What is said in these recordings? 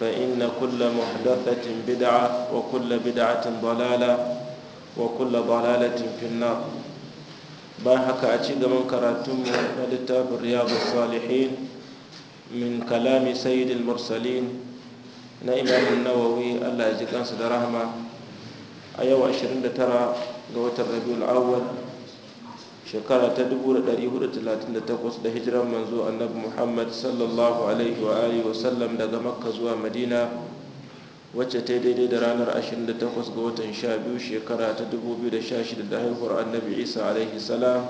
فإن كل محدثة بدعة وكل بدعة ضلالة وكل ضلالة في النار باحك أشيد من كراتم لتاب رياض الصالحين من كلام سيد المرسلين نائما النووي الله يجزيك أنس رحمة أيوة 29 قوة الربيع الأول shekara ta 438 da hijiran manzo annabi muhammad sallallahu alaihi wa alihi daga makka zuwa madina wacce ta daidai da ranar 28 ga watan 12 shekara ta 2016 da haihuwar annabi isa alaihi salam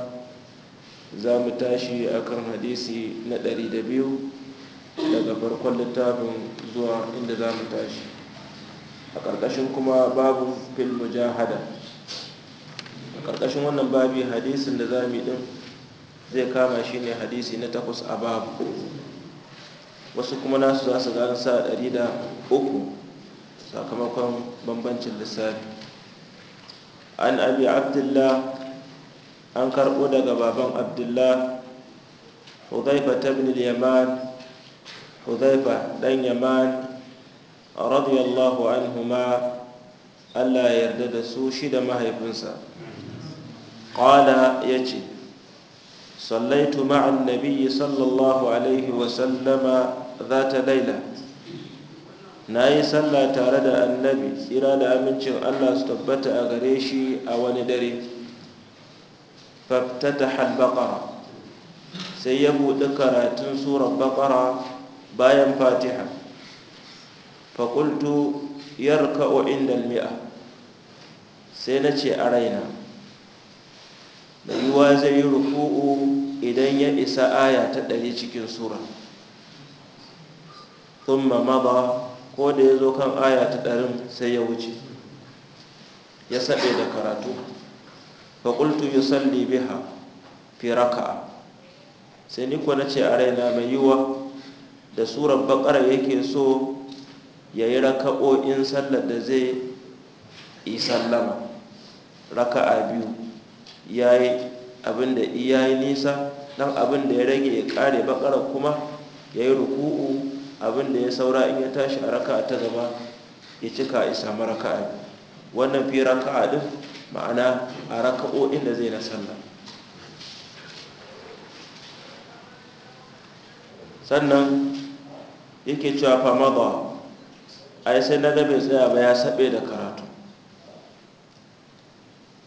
za mu tashi akan hadisi na 200 daga farkon littafin zuwa inda za mu tashi a ƙarƙashin kuma babu fil mujahada a ƙarƙashin wannan babi hadisin da za mu ɗin zai kama shi ne hadisi na takwas a babu wasu kuma nasu za su gane sa ɗari da uku sakamakon bambancin lissafi an abi abdullah an karɓo daga baban abdullah hudaifa ta bin yaman huzaifa ɗan yaman radiyallahu ma allah ya yarda da su shi da mahaifinsa qala yace sallaitu ma'a annabi sallallahu alaihi wa sallama zata laila nayi sallah tare da annabi tsira da amincin Allah su tabbata a gare shi a wani dare faftataha al sai ya buɗe karatun surar baƙara bayan fatiha faƙultu yarka'u inda mi'a sai na ce a raina da yiwa zai yi ruku'u idan ya isa aya ta ɗari cikin sura thumma ba, ko da ya zo kan aya ta ɗarin sai ya wuce ya saɓe da karatu faƙultu yusalli biha fi raka sai ni na ce a raina mai yiwuwa, da surar bakara yake so ya yi raka'o'in sallar da zai yi sallama raka'a biyu ya yi abin da nisa don abin da ya rage ya kare bakara kuma ya yi ruku'u abin da ya saura in ya tashi a raka ta gaba ya cika ya samu raka'a wannan fi raka'a din ma'ana a raka'o'in da zai na sallah sannan yake cewa fa a ai sai na da bai tsaya ba ya saɓe da kara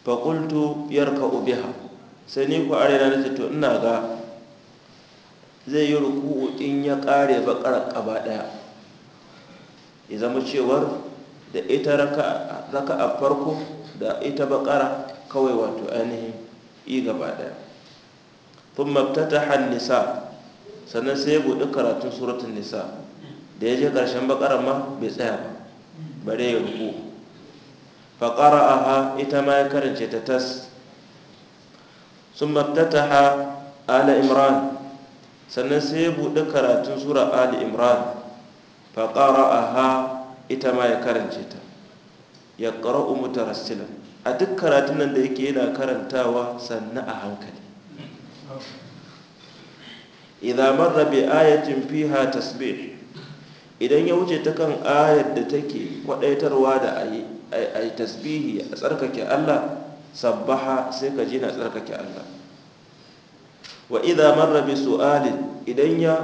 fa qultu yarka'u sai ni ku arena na to ina ga zai yi ruku in ya ƙare baƙar kaba ɗaya ya zama cewar da ita raka a farko da ita baƙara kawai wato ainihin i gaba ɗaya tun mabtatahan nisa sannan sai ya buɗi karatun suratun nisa da ya je ƙarshen bakarar ma bai tsaya ba bare ya ruku. fa qara'aha ita ma ya karance ta tas summa ftataha ala imran sannan sai ya buɗe karatun sura ali imran fa qara'aha ita ma ya karance ta ya qara'u mutarassilan a duk karatun nan da yake yana karantawa sannan a hankali idza marra bi ayatin fiha tasbih idan ya wuce ta kan ayar da take kwadaitarwa da ayi ai tasbihi a tsarkake Allah sabbaha sai ka ji na tsarkake Allah wa idan marra su'alin idan ya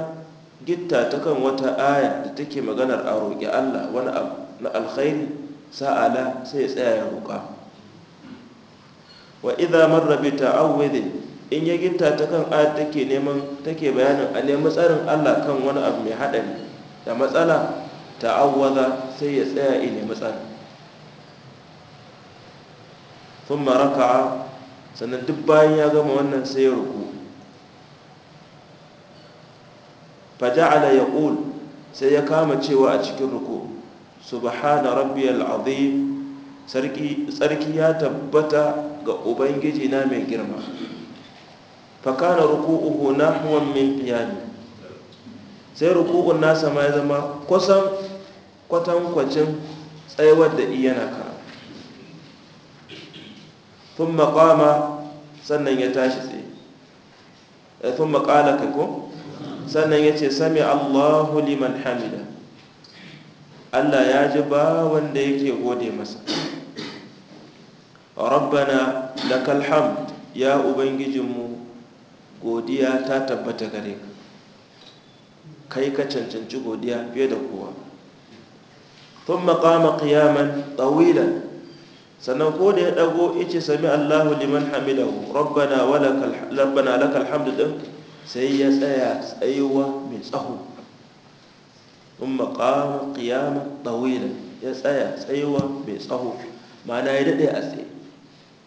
gitta ta kan wata aya da take maganar a roƙi Allah wani abu na alkhairi sa'ala sai ya tsaya ya roƙa wa idan marra ta'awwidi in ya gitta ta kan aya take neman take bayanin a nemi tsarin Allah kan wani abu mai haɗari da matsala ta'awwaza sai ya tsaya ya nemi tsarin sun maraka sannan duk bayan ya gama wannan sai ya ruku faja'ala ya ƙul sai ya kama cewa a cikin ruku subhana rabbiyal azim sarki ya tabbata ga ubangiji na mai girma fakana ruku'uhu huwan min qiyami sai ruku'un nasa ma ya zama kusan kwatankwacin tsayuwar da iyana ka sun maƙama sannan ya tashi tsaye sun eh, maƙala sannan ya ce sami allahu liman hamida allah ya ji ba wanda yake gode masa rabbana lakal hamd ya ubangijinmu godiya ta tabbata gare ka kai ka cancanci godiya fiye da kowa tun maƙama ƙiyaman ɗawilan sannan ko da ya dago ice sami Allahu liman hamidahu rabbana walakal rabbana din sai ya tsaya tsayuwa mai tsaho umma qama qiyama tawila ya tsaya tsayuwa mai tsaho ma'ana ya dade a tsaye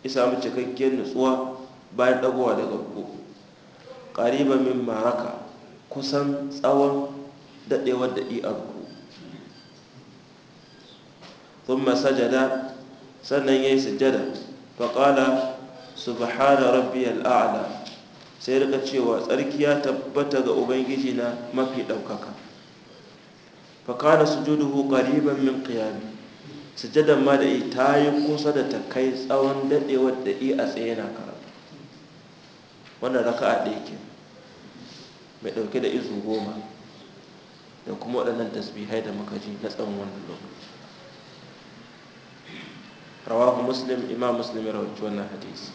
ya samu cikakkiyar nutsuwa bayan dagowa daga ko qariba min maraka kusan tsawon dadewar da i arku thumma sajada sannan ya yayi sujjada fa su subhana rabbi a'la sai rika cewa tsarki ya tabbata ga ubangiji na mafi ɗaukaka. fa kana sujuduhu ƙariban min ƙiyami, sujjadan ma da ta yi kusa da ta kai tsawon daɗewar da yi a tsaye na kara wanda raka a ke mai ɗauke da izu goma da kuma waɗannan tasbihai da muka ji na tsawon wannan lokacin. rawahu muslim imam muslim ya rawaci wannan hadisi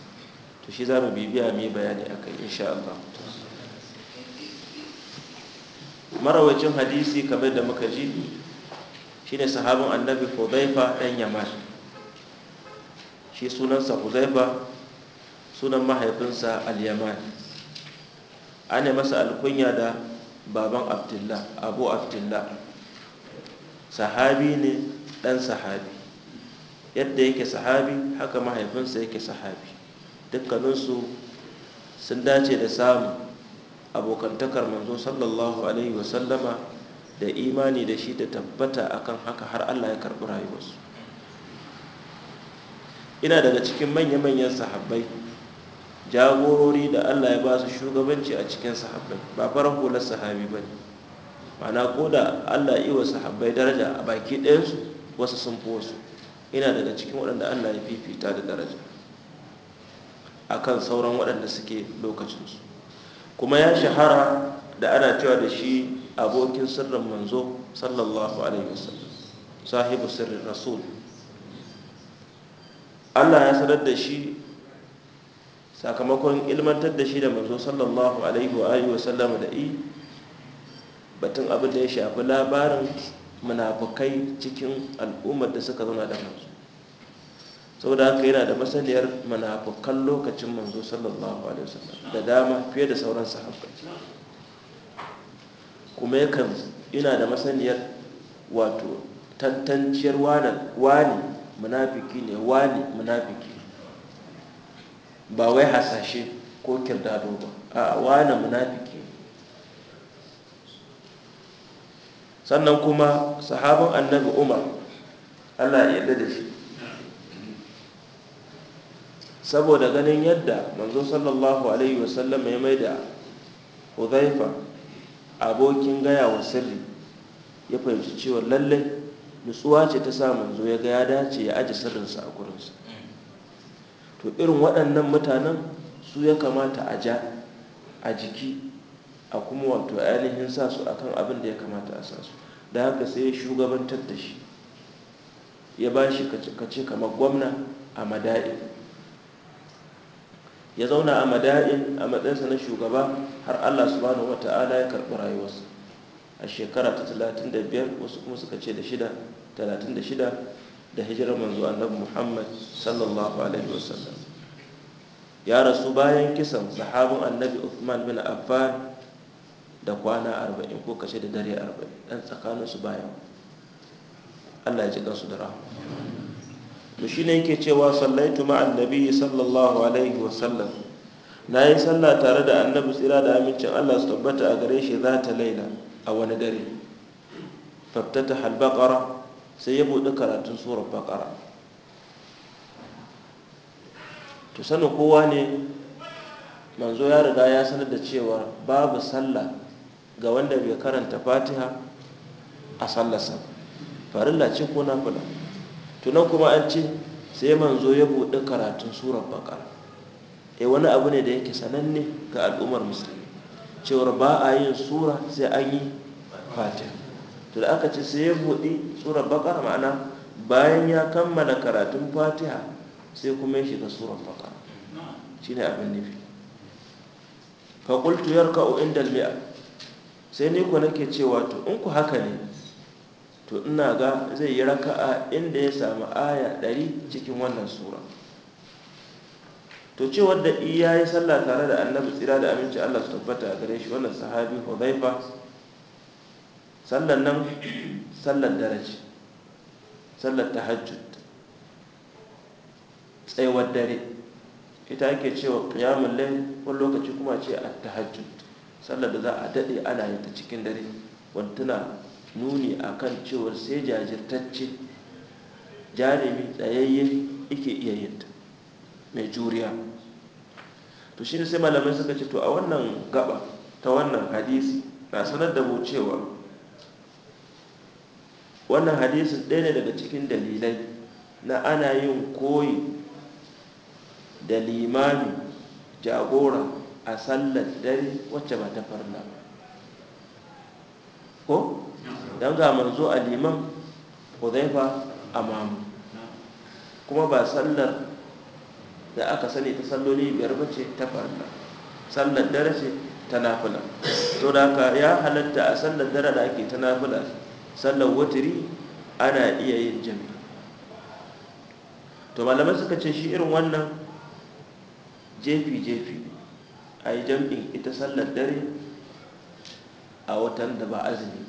to shi za mu bibiya mu yi bayani akai insha Allah marawacin hadisi kamar da muka ji shi ne sahabin annabi Fudaifa dan Yaman shi sunansa Fudaifa sunan mahaifinsa Al-Yaman ana masa alkunya da baban Abdullah Abu Abdullah sahabi ne ɗan sahabi yadda yake sahabi haka mahaifinsa yake sahabi dukkaninsu sun dace da samun abokantakar manzo sallallahu alaihi wasallama da imani da shi da tabbata akan haka har allah ya karɓi rayuwarsu ina daga cikin manya-manyan sahabbai jagorori da allah ya ba su shugabanci a cikin sahabbai ba fara hular sahabi ba ne mana ko da allah iwa sahabbai daraja a baki ɗayansu wasu sun fi wasu Ina daga cikin waɗanda allah ya fifita da daraja akan sauran waɗanda suke lokacinsu kuma ya shahara da ana cewa da shi abokin sirrin manzo sallallahu alaihi wasallam sahibu sirrin rasul allah ya sanar da shi sakamakon ilmantar da shi da manzo sallallahu alaihi wa alihi wasallam da i batun abin da ya shafi labarin munafukai cikin al'ummar da suka zauna da manzo saboda haka yana da masaniyar munafukan lokacin manzo sallallahu alaihi wasallam da dama fiye da sauran sahabbai kuma yakan ina da masaniyar wato tantanciyar wani munafiki ne wani munafiki ba wai hasashe ko kirdado ba a wani munafiki sannan kuma sahabin annabi umar allah ya yarda da shi saboda ganin yadda manzo sallallahu alaihi wasallam ya mai da huzaifa abokin gaya wa sirri ya fahimci cewa lallai nutsuwa ce ta sa manzo ya ga ya dace ya aji sirrinsa a gurinsa to irin waɗannan mutanen su ya kamata a ja a jiki a kuma wato ainihin sa su akan abin da ya kamata a sa su da haka sai ya shugabantar da shi ya ba shi kace kamar gwamna a mada'i ya zauna a mada'in a matsayinsa na shugaba har allah subhanahu wa ta'ala ya karɓi rayuwarsa a shekara ta 35 wasu kuma suka ce da shida 36 da hijirar manzo annabi muhammad sallallahu alaihi wasallam ya rasu bayan kisan sahabin annabi uthman bin affan da kwana 40 ko kashe da dare 40 dan tsakaninsu bayan allah ya ji kansu da rahama to shine yake cewa sallaitu ma'an nabi sallallahu alaihi wasallam na yi sallah tare da annabi tsira da amincin allah su tabbata a gare shi za ta laila a wani dare faftata halbaƙara sai ya buɗe karatun surar bakara to sanin kowa ne manzo ya riga ya sanar da cewa babu sallah ga wanda bai karanta fatiha a sallarsa farilla ce ko na fula tunan kuma an ce sai manzo ya buɗe karatun surar bakar e eh, wani abu ne da yake sananne ga al'ummar musulmi cewar ba a yin sura sai an yi fatin to da aka ce sai ya buɗe surar bakar ma'ana bayan ya kammala karatun fatiha sai kuma ya shiga surar Shi ne abin nufi faƙultu yarka'u inda mi'a sai ni ku nake cewa to in ku haka ne to ina ga zai yi raka'a inda ya samu aya ɗari cikin wannan sura to cewar da iya ya sallah tare da annabi tsira da aminci Allah su tabbata a gare shi wannan sahabi Hudhaifa sallan nan sallar daraji sallar tahajjud tsayawar dare ita ake cewa qiyamul layl wani lokaci kuma ce at-tahajjud sallar da za a dade ana yin ta cikin dare wanda tana nuni a kan cewar sai jajirtacce jarumi tsayayye ike iya yinta mai juriya to shi ne sai malamai suka ce to a wannan gaba ta wannan hadisi na sanar da mu cewa wannan hadisin ɗaya ne daga cikin dalilai na ana yin koyi da limami jagora a sallar dare wacce ba ta farla ko don ga manzo a liman huzaifa a mamu kuma ba sallar da aka sani ta salloli biyar bace ta farka sallar dare ce ta nafula. to da haka ya halatta a sallar dare da ake ta nafula, sallar wutiri ana iya yin jami to malamai suka ce shi irin wannan jefi-jefi a yi jam'in ita sallar dare a watan da ba azumi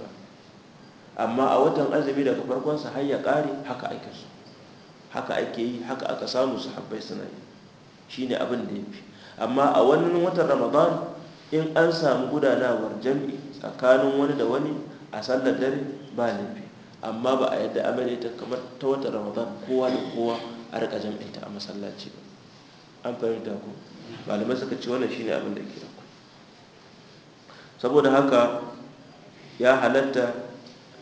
amma a watan azumi daga farkon sa har ya kare haka ake so haka ake yi haka aka samu su habbai suna yi shine abin da yafi amma a wannan watan ramadan in an samu gudanawar jami'i tsakanin wani da wani a sallar dare ba laifi amma ba a yadda amare ta kamar ta watan ramadan kowa da kowa a rika jami'i ta a masallaci ba an fahimta ku malamai suka ce wannan shine abin da ke saboda haka ya halatta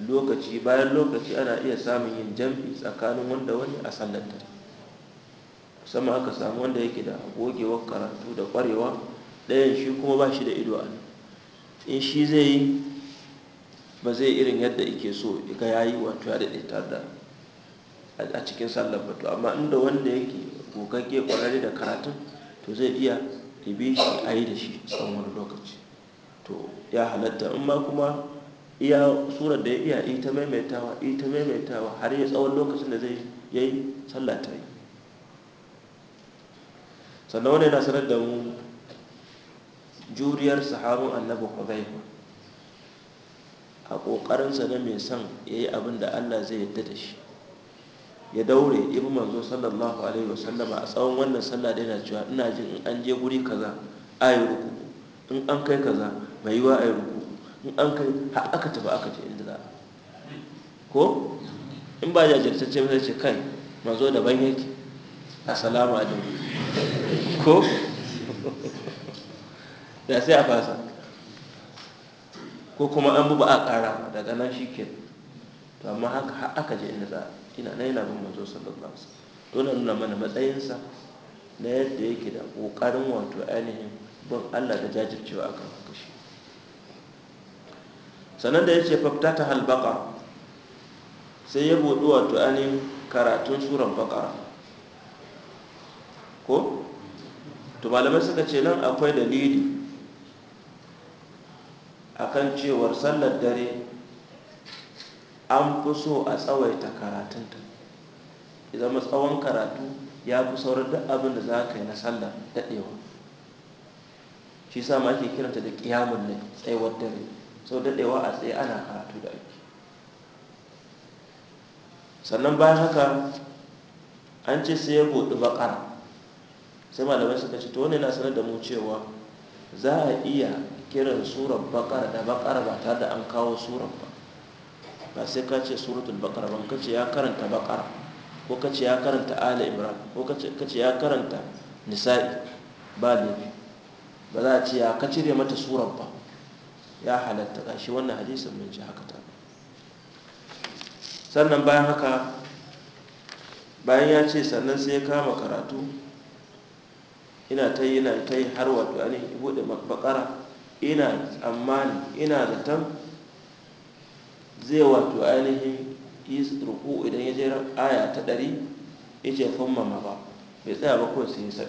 lokaci bayan lokaci ana iya samun yin jam'i tsakanin wanda wani a sallanta sama aka samu wanda yake da gogewar karatu da kwarewa ɗayan shi kuma ba shi da ido a in shi zai yi ba zai irin yadda yake so ga yi wato ya daɗe tare da a cikin sallar batu amma inda wanda yake gogagge kwararre da karatun to zai iya ibi shi a yi da shi tsawon wani lokaci to ya halatta in ma kuma iya surar da ya iya ita maimaitawa ita maimaitawa har ya tsawon lokacin da zai yi sallah ta yi sannan wani yana sanar da mu juriyar sahabin annabi hudhaifa a ƙoƙarinsa na mai son ya yi abin da allah zai yadda da shi ya daure ibi manzo sallallahu alaihi sallama. a tsawon wannan sallah da yana cewa ina jin in an je guri kaza a yi ruku in an kai kaza mai yiwa a yi ruku in an kai har aka tafi aka ce inda za ko in ba jajirtacce ba ce kai da ban yake da mu. ko da sai a fasa ko kuma an bu ba a kara daga nan shi ke to amma haka aka je inda za ina na yana bin mazo sallallahu alaihi wasallam dole nuna mana matsayinsa na yadda yake da kokarin wato ainihin bin allah da jajircewa akan sannan da ya ce fafta ta halbaka sai ya buɗi wato ainihin karatun suran bakara ko? to malamai suka ce nan akwai dalili A kan cewar sallar dare an fi so a tsawaita karatunta idan tsawon karatu ya fi saurin duk abin da za ka yi na sallar daɗewa shi sa ma ake kiranta da ƙiyamun ne tsayuwar dare sau daɗewa a tsaye ana karatu da ake sannan bayan haka an ce sai ya buɗi bakara sai malamai suka ce to wani na sanar da mu cewa za a iya kiran surar bakara da bakara ba tare da an kawo surar ba ba sai ka ce suratul bakara ba ka ce ya karanta bakara ko ka ce ya karanta ala imran ko ka ce ya karanta nisa'i ba ne ba za a ce ya kacire mata surar ba ya halatta shi wannan hadisin mun ji haka ta sannan bayan haka bayan ya ce sannan sai ya kama karatu ina ta yi ta yi har wato ne bude bakara ina tsammani ina da tan. zai wato ainihin yi ruku idan ya je aya ta ɗari ya ce famma ma ba bai tsaya ba kawai sai ya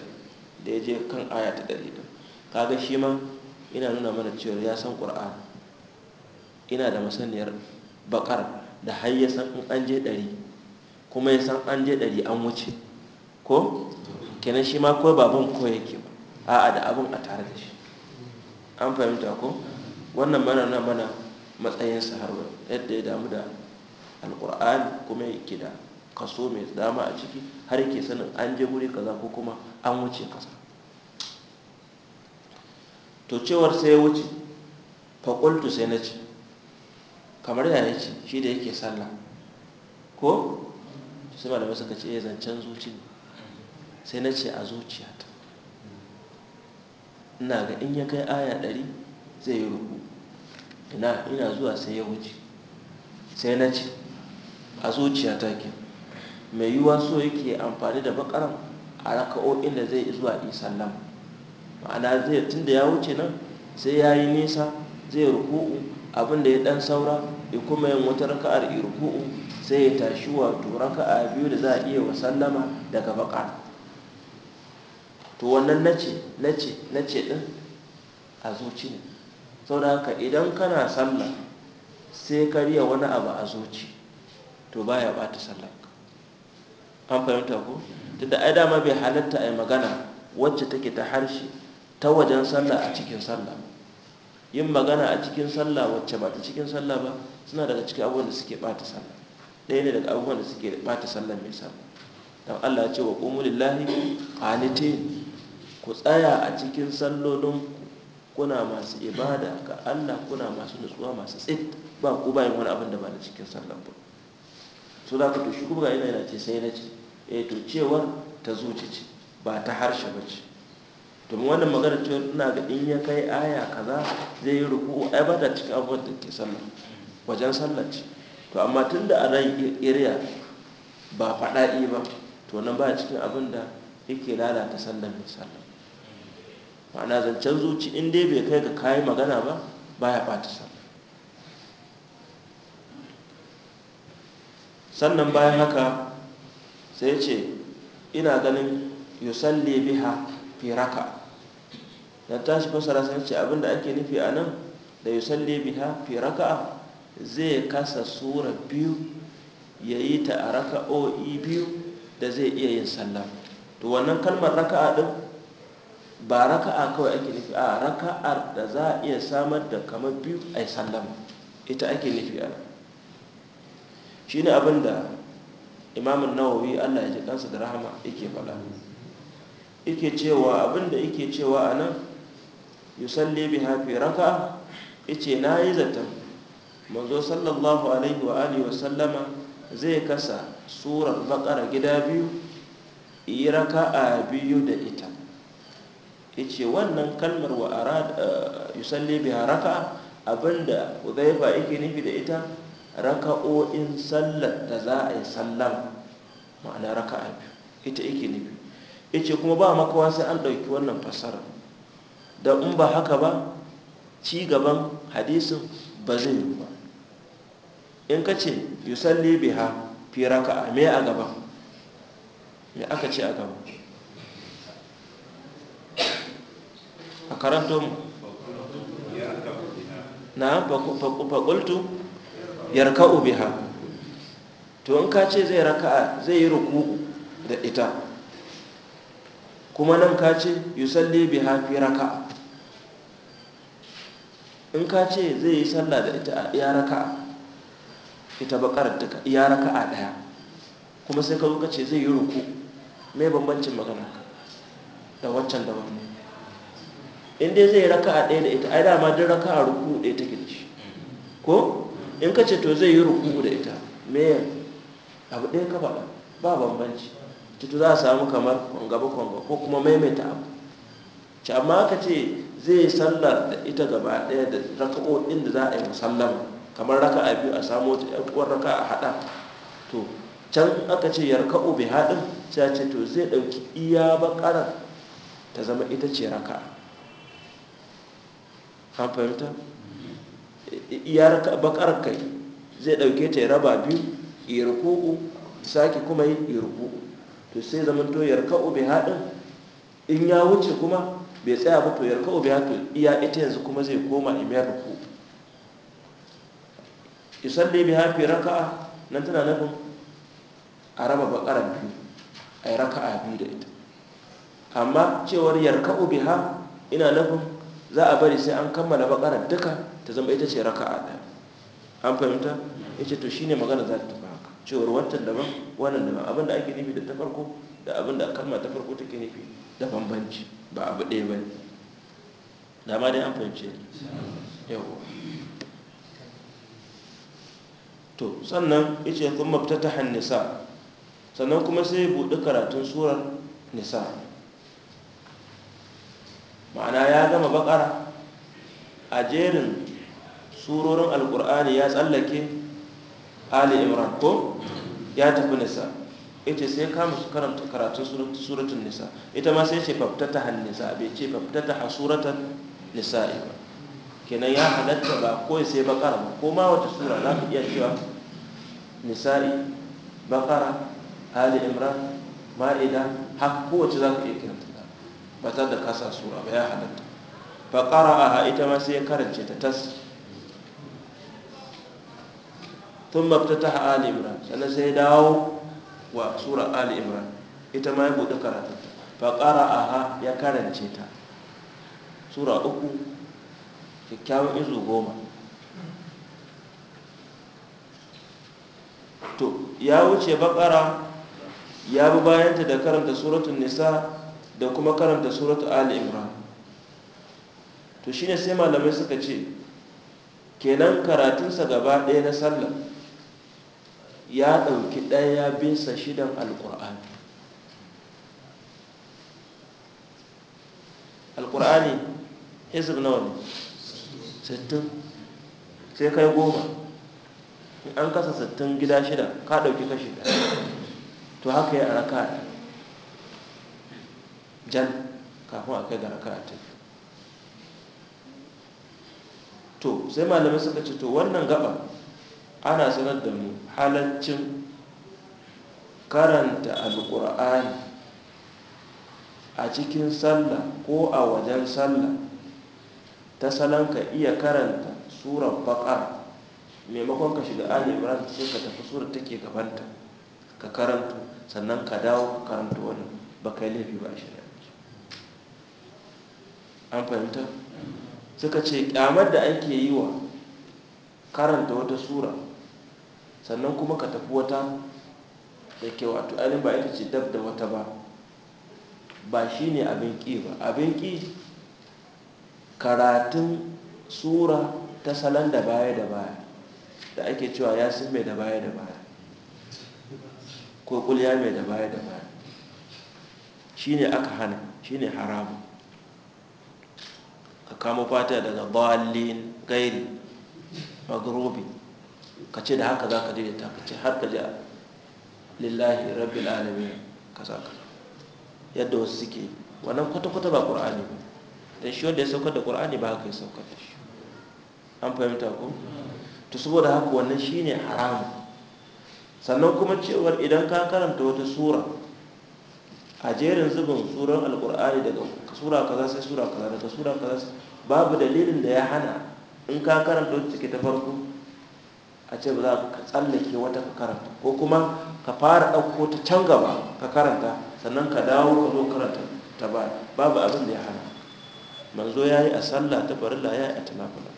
da ya je kan aya ta ɗari ɗin kaga shi ma ina nuna mana cewa ya san ƙura'an ina da masaniyar bakar da har ya san an je ɗari kuma ya san an je ɗari an wuce ko kenan shi ma kawai babban ko yake ba a'a da abin a tare da shi an fahimta ko wannan mana na mana matsayin saharwa yadda ya damu da alkur'ani kuma ke da kaso mai dama a ciki har yake sanin an je wuri kaza ko kuma an wuce kaza to cewar sai ya wuce fakultu sai na ce kamar ya ce shi da yake sallah ko sai malamai suka ce ya eh, zancen zuci ne sai na ce a zuciyata ina ga in ya kai aya ɗari zai yi ruku ina ina zuwa sai ya wuce sai na ce a zuciyata ke mai yiwuwa so yake amfani da bakaran a raka'o'in da zai zuwa isallam ma'ana zai tun da ya wuce nan sai ya yi nisa zai ruku'u abin da ya dan saura ya kuma yin wata raka'ar ya ruku'u sai ya tashi wato raka'a biyu da za a iya wa sallama daga baka to wannan nace nace nace din a zuci ne saboda haka idan kana sallah sai ka wani abu a zuci to baya bata sallah an fahimta ko tunda ai dama bai halatta ai magana wacce take ta harshe ta wajen sallah a cikin sallah yin magana a cikin sallah wacce ba ta cikin sallah ba suna daga cikin abubuwan da suke bata sallah ɗaya ne daga abubuwan da suke bata sallah mai sallah don allah ya ce wa ƙumu lillahi ku tsaya a cikin sallolin kuna masu ibada ga allah kuna masu nutsuwa masu tsit ba ku bayan wani abin da ba da cikin sallah ba so za ka to shi kuma ga yana ce sai na ce eh to cewar ta zuci ce ba ta harshe ba ce domin wannan magana ta ina ga in ya kai aya kaza zai yi ruku ai ba da cikin abubuwan da ke sallah wajen sallah ce to amma tunda da a ran iriya ba faɗa'i ba to nan ba cikin abin da yake lalata sallar mai sallah ma'ana zancen zuci in dai bai kai ga kayi magana ba baya ɓata sallah sannan bayan haka sai ce ina ganin yusalli biha fi raka'a na tashi fasara sai ce abinda ake nufi a nan da salle biha fi raka'a zai kasa sura biyu ya yi ta a raka'o'i biyu da zai iya yin sallah to wannan kalmar raka'a din ba raka'a kawai ake nufi a raka'ar da za a iya samar da kamar biyu a yi sallah ita ake nufi a shi ne abin da imamun nawawi allah ya ji kansa da rahama yake faɗa yake cewa abin da cewa a nan yusalli biha fi raka'a yace yi zaton manzo sallallahu alaihi wa alihi wa sallama zai kasa surar baqara gida biyu yi raka'a biyu da ita yace wannan kalmar wa arad eh, yusalli biha raka'a abinda Hudhaifa yake nufi da ita raka'o'in sallar da za a yi sallar ma'ana raka'a biyu ita yake nufi yace kuma ba makawa sai an ɗauki wannan fasara da in ba haka ba ci gaban hadisin ba zai yi ba in ka ce yusalli biha fi a me a gaban? me aka ce a gaban? a karanto mu na faƙultu yarka'u biha to in ka ce zai raka'a zai yi ruku da ita kuma nan ka ce yusalli bi hafi raka'a in ka ce zai yi sallah da ita ya raka raka'a ita bakar duka raka a daya kuma sai ka zo ka ce zai yi ruku mai bambancin magana da waccan da wannan in dai zai raka'a daya da ita ai dama duk raka'a ruku ɗaya ita da shi ko in ka ce to zai yi ruku da ita mai abu ɗaya ka faɗa ba bambanci tutu za a samu kamar kwangaba kwangaba ko kuma maimaita abu ci amma aka ce zai sallar da ita gaba daya da raka'o'in da za a yi musallam kamar raka a biyu a samu wata yankuwar raka a haɗa to can aka ce yarka'u bai haɗin sai ce to zai ɗauki iya bakarar ta zama ita ce raka an fahimta iya bakarar kai zai ɗauke ta ya raba biyu iya rukuku sake kuma yi iya rukuku to sai zaman to yarka'u bi haɗin in ya wuce kuma bai tsaya ba to yarka'u bi haɗin iya ita yanzu kuma zai koma imiyar ruku ya bi hafi raka'a nan tana nufin a raba bakara biyu a yi raka'a biyu da ita amma cewar yarka'u ha ina nufin za a bari sai an kammala bakara duka ta zama ita ce raka'a ɗaya an fahimta ya ce to shine magana za ta cewar wancan daban wannan daban abinda ake nufi da ta farko da abinda kalma ta farko take nufi da bambanci ba abu ɗaya ba ne dama dai an fahimce yau to sannan ya ce kuma maftatahan nisa sannan kuma sai buɗe karatun surar nisa ma'ana ya gama bakara a jerin surorin alkur'ani ya tsallake ali imran ko ya tafi nisa ita sai kama su karanta karatun suratun nisa ita ma sai ce faftata hal nisa bai ce faftata ha suratan nisa ba kenan ya halatta ba ko sai bakara ba ko ma wata sura za ka iya cewa nisa'i bakara ali imran ma'ida haka kowace za ka iya kiranta ta ba tare da kasa sura ba ya halatta fa qara'aha ita ma sai karance ta tas tun maftataha ali imran sannan sai dawo wa sura ali imran ita ma ya buɗe karatunta fa aha ya karance ta sura uku kyakkyawan izu goma to ya wuce baƙara ya bi bayanta da karanta suratun nisa da kuma karanta suratun ali imran to shine sai malamai suka ce kenan karatunsa gaba ɗaya na sallah ya ɗauki ɗaya bisa shidan alƙur'ani alƙur'ani hizib nawa ne 60 sai kai goma an kasa 60 gida shida ka ɗauki kashi ɗaya to haka yi a raka jan kafin a kai ga raka tafi to sai malamai suka ce to wannan gaba ana sanar da mu halaccin karanta alkur'ani a cikin sallah ko a wajen sallah ta salon ka iya karanta surar baƙar maimakon ka shiga ali imran sai ka tafi surar take gabanta ka karanto sannan ka dawo ka karanto wani bakai laifi ba a an fahimta suka ce kyamar da ake yi wa karanta wata sura sannan kuma ka tafi wata da ke wato ainihin ba ita ce dab da wata ba ba shi ne abin ƙi ba abin ƙi karatun sura ta salon da baya da baya da ake cewa ya sun mai da baya da baya ko kulya mai da baya da baya shi ne aka hana shi ne haramu ka kama fata daga balin gairi Magrobi. ka ce da haka za ka daidaita ka ce har ka ji lillahi rabbil ka kaza ka yadda wasu suke wannan kwata-kwata ba ƙur'ani ba da shi wanda ya saukar da ƙur'ani ba haka ya saukar da shi an fahimta ko to saboda haka wannan shi ne haram sannan kuma cewar idan ka karanta wata sura a jerin zubin suran Alƙur'ani daga sura kaza sai sura kaza daga sura kaza babu dalilin da ya hana in ka karanta wata ciki ta farko a ce ba za ka tsallake wata ka karanta ko kuma ka fara ɗauko ta can gaba ka karanta sannan ka dawo ka zo karanta ta ba babu abin da ya hana manzo ya yi a sallah ta farilla ya yi a tunafila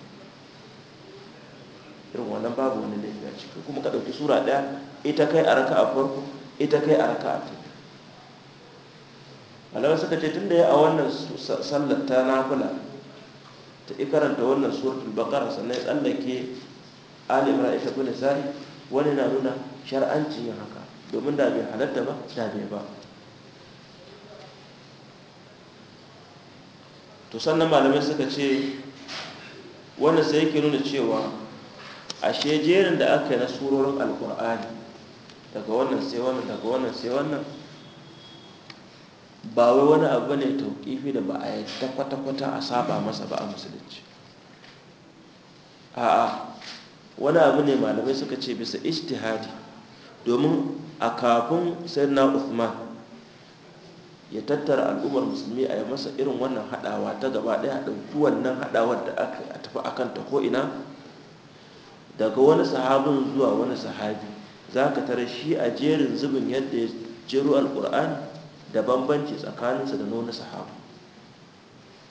irin wannan babu wani laifi a ciki kuma ka ɗauki sura ɗaya ita kai a raka a farko ita kai a raka a tafi alawa suka ce tun da ya a wannan sallar ta nafila ta ikaranta wannan suratul baqara sannan ya tsallake ali imran ita sari wani na nuna shar'ancin yin haka domin da bai halatta ba da bai ba to sannan malamai suka ce wannan sai yake nuna cewa ashe jerin da aka yi na surorin alkur'ani daga wannan sai wannan daga wannan sai wannan ba wai wani abu ne kifi da ba a yi kwata-kwata a saba masa ba a musulunci a'a wani abu ne malamai suka ce bisa ijtihadi domin a kafin sayyidina Uthman ya tattara al'ummar musulmi a yi masa irin wannan hadawa ta gaba daya dauki wannan hadawar da aka tafi a kanta ko ina daga wani sahabin zuwa wani sahabi za ka tara shi a jerin zubin yadda ya jero al'ur'an da bambanci tsakaninsa da nuna sahabu.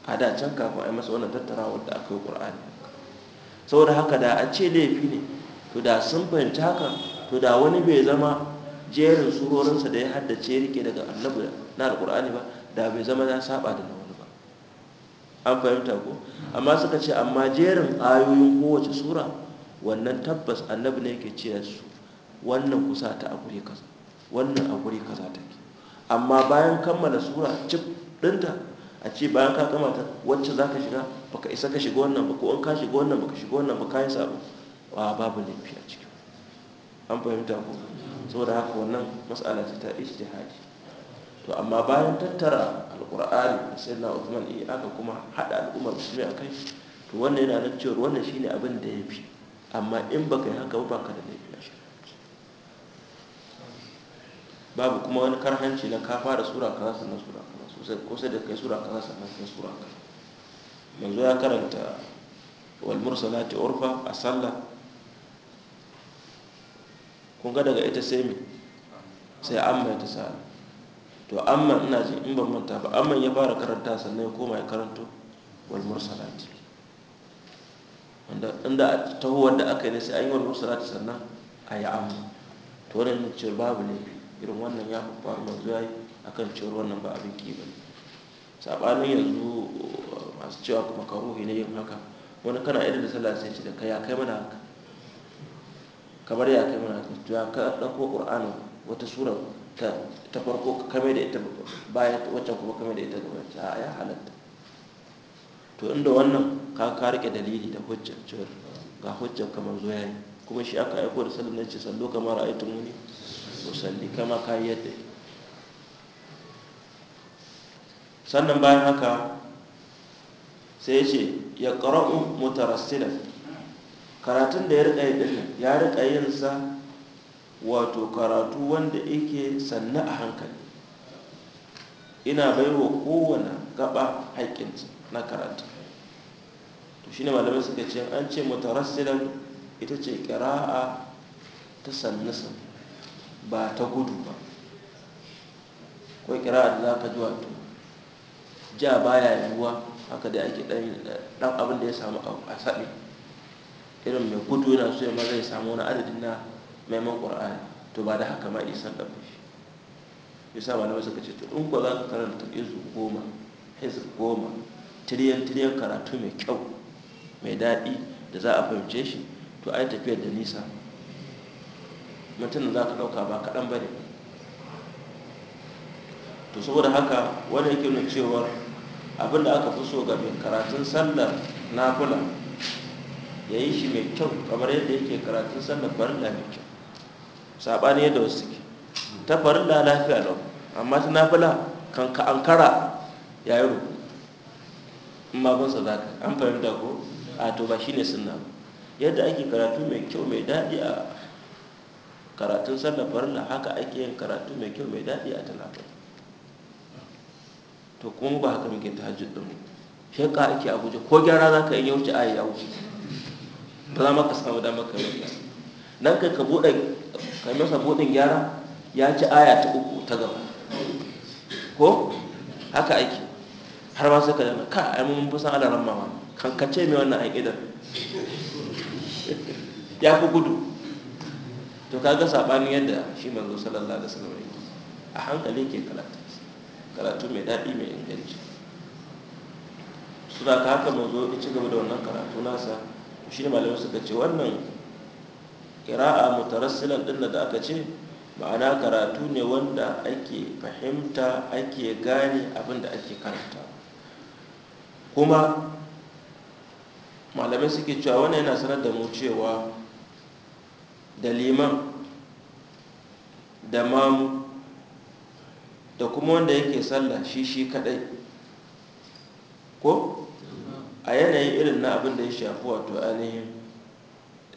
a da can kafin a yi masa wannan tattarawar da aka yi ƙur'ani. saboda haka da a ce laifi ne to da sun fahimci haka to da wani bai zama jerin surorinsa da ya haddace rike daga annabu na alkur'ani ba da bai zama ya saba da wani ba an fahimta ko amma suka ce amma jerin ayoyin kowace sura wannan tabbas annabu ne yake ce su wannan kusa ta a kaza wannan a kaza take amma bayan kammala sura cif dinta. a ce bayan ka gama ta wacce za ka shiga baka isa ka shiga wannan ba ko in ka shiga wannan baka shiga wannan ba ka yi sabo ba babu laifi a ciki an fahimta ko da haka wannan matsala ce ta ijtihadi to amma bayan tattara alqur'ani da sayyidina Uthman eh aka kuma hada al'ummar musulmi akai to wannan yana nan cewa wannan shine abin da yafi amma in baka yi haka ba ka da laifi a ciki babu kuma wani karhanci na ka fara sura kaza sannan sura kaza kusa da kai sura kasa sannan kai sura ka yanzu ya karanta wal mursalati urfa a sallah kun ga daga ita sai me sai amma ta sa'ala to amma ina ji in ban manta ba amma ya fara karanta sannan ya koma ya karanto wal mursalati wanda inda tahowar da aka yi ne sai an yi wal mursalati sannan a yi amma to wannan ce babu ne irin wannan ya faru manzo ya yi akan cewar wannan ba abin ki bane sabanin yanzu masu cewa kuma karuhi ne yin haka wani kana irin da sallah sai ce da kai ya kai mana haka kamar ya kai mana haka to ya ka dauko qur'ani wata sura ta ta farko kame da ita bayan wacce kuma kame da ita gaba ta ya halatta to inda wannan ka ka rike dalili da hujja cewar ga hujja kamar zo yayi kuma shi aka aiko da sallan ce sallo kamar ayatun muni usalli kama kayyade sannan bayan haka sai ya ce ya ƙara'u mutarassila karatun da ya riƙa yi ɗin ya riƙa yin sa wato karatu wanda yake sannu a hankali ina baiwa kowane gaba haƙƙinsa na karatu to shi ne malamai suka ce an ce mutarassila ita ce ƙira'a ta sannu ba ta gudu ba ko ƙira'a da za ka ji wato ja baya yiwuwa haka da ake dan abin da ya samu a saɓi. irin mai gudu yana so yamma maza ya samu wani adadin na maimakon ƙwar'ani to ba da haka ma isan ɗan shi yasa malamai suka ce to in ko za ka karanta izu goma goma tiriyan tiriyan karatu mai kyau mai daɗi da za a fahimce shi to ai tafiyar da nisa mutum za ka ɗauka ba kaɗan ba ne to saboda haka wani yake nuna cewar abin da aka fi so ga mai karatun sallar nafula ya yi shi mai kyau kamar yadda yake karatun sallar farilla mai kyau saɓani yadda wasu suke ta farilla lafiya lau amma ta nafula kan ka kara ya yi ruku in ma za ka an fahimta ko a to ba na sunna yadda ake karatu mai kyau mai daɗi a karatun sallar farilla haka ake yin karatu mai kyau mai daɗi a ta to kuma ba haka muke tahajjud din shakka ake abuja ko gyara za ka yi yauci a yau ba za maka samu damar ka yi nan kai ka bude, ka masa bude gyara ya ci aya ta uku ta gaba ko haka ake har ma suka dama ka ai mun fi san alaran mama kan kace mai wannan an ya fi gudu to kaga sabanin yadda shi manzo sallallahu alaihi wasallam a hankali ke kalata karatu mai daɗi mai inganci suna ka haka zo ya ci gaba da wannan karatu nasa shi ne malamai suka ce wannan ƙira'a mutarassilan ɗin da aka ce ma'ana karatu ne wanda ake fahimta ake gane abin da ake karanta kuma malamai suke cewa wani yana sanar da mu cewa da liman da mamu da kuma wanda yake sallah shi shi kadai ko a yanayin irin na abin da ya shafi wato ainihin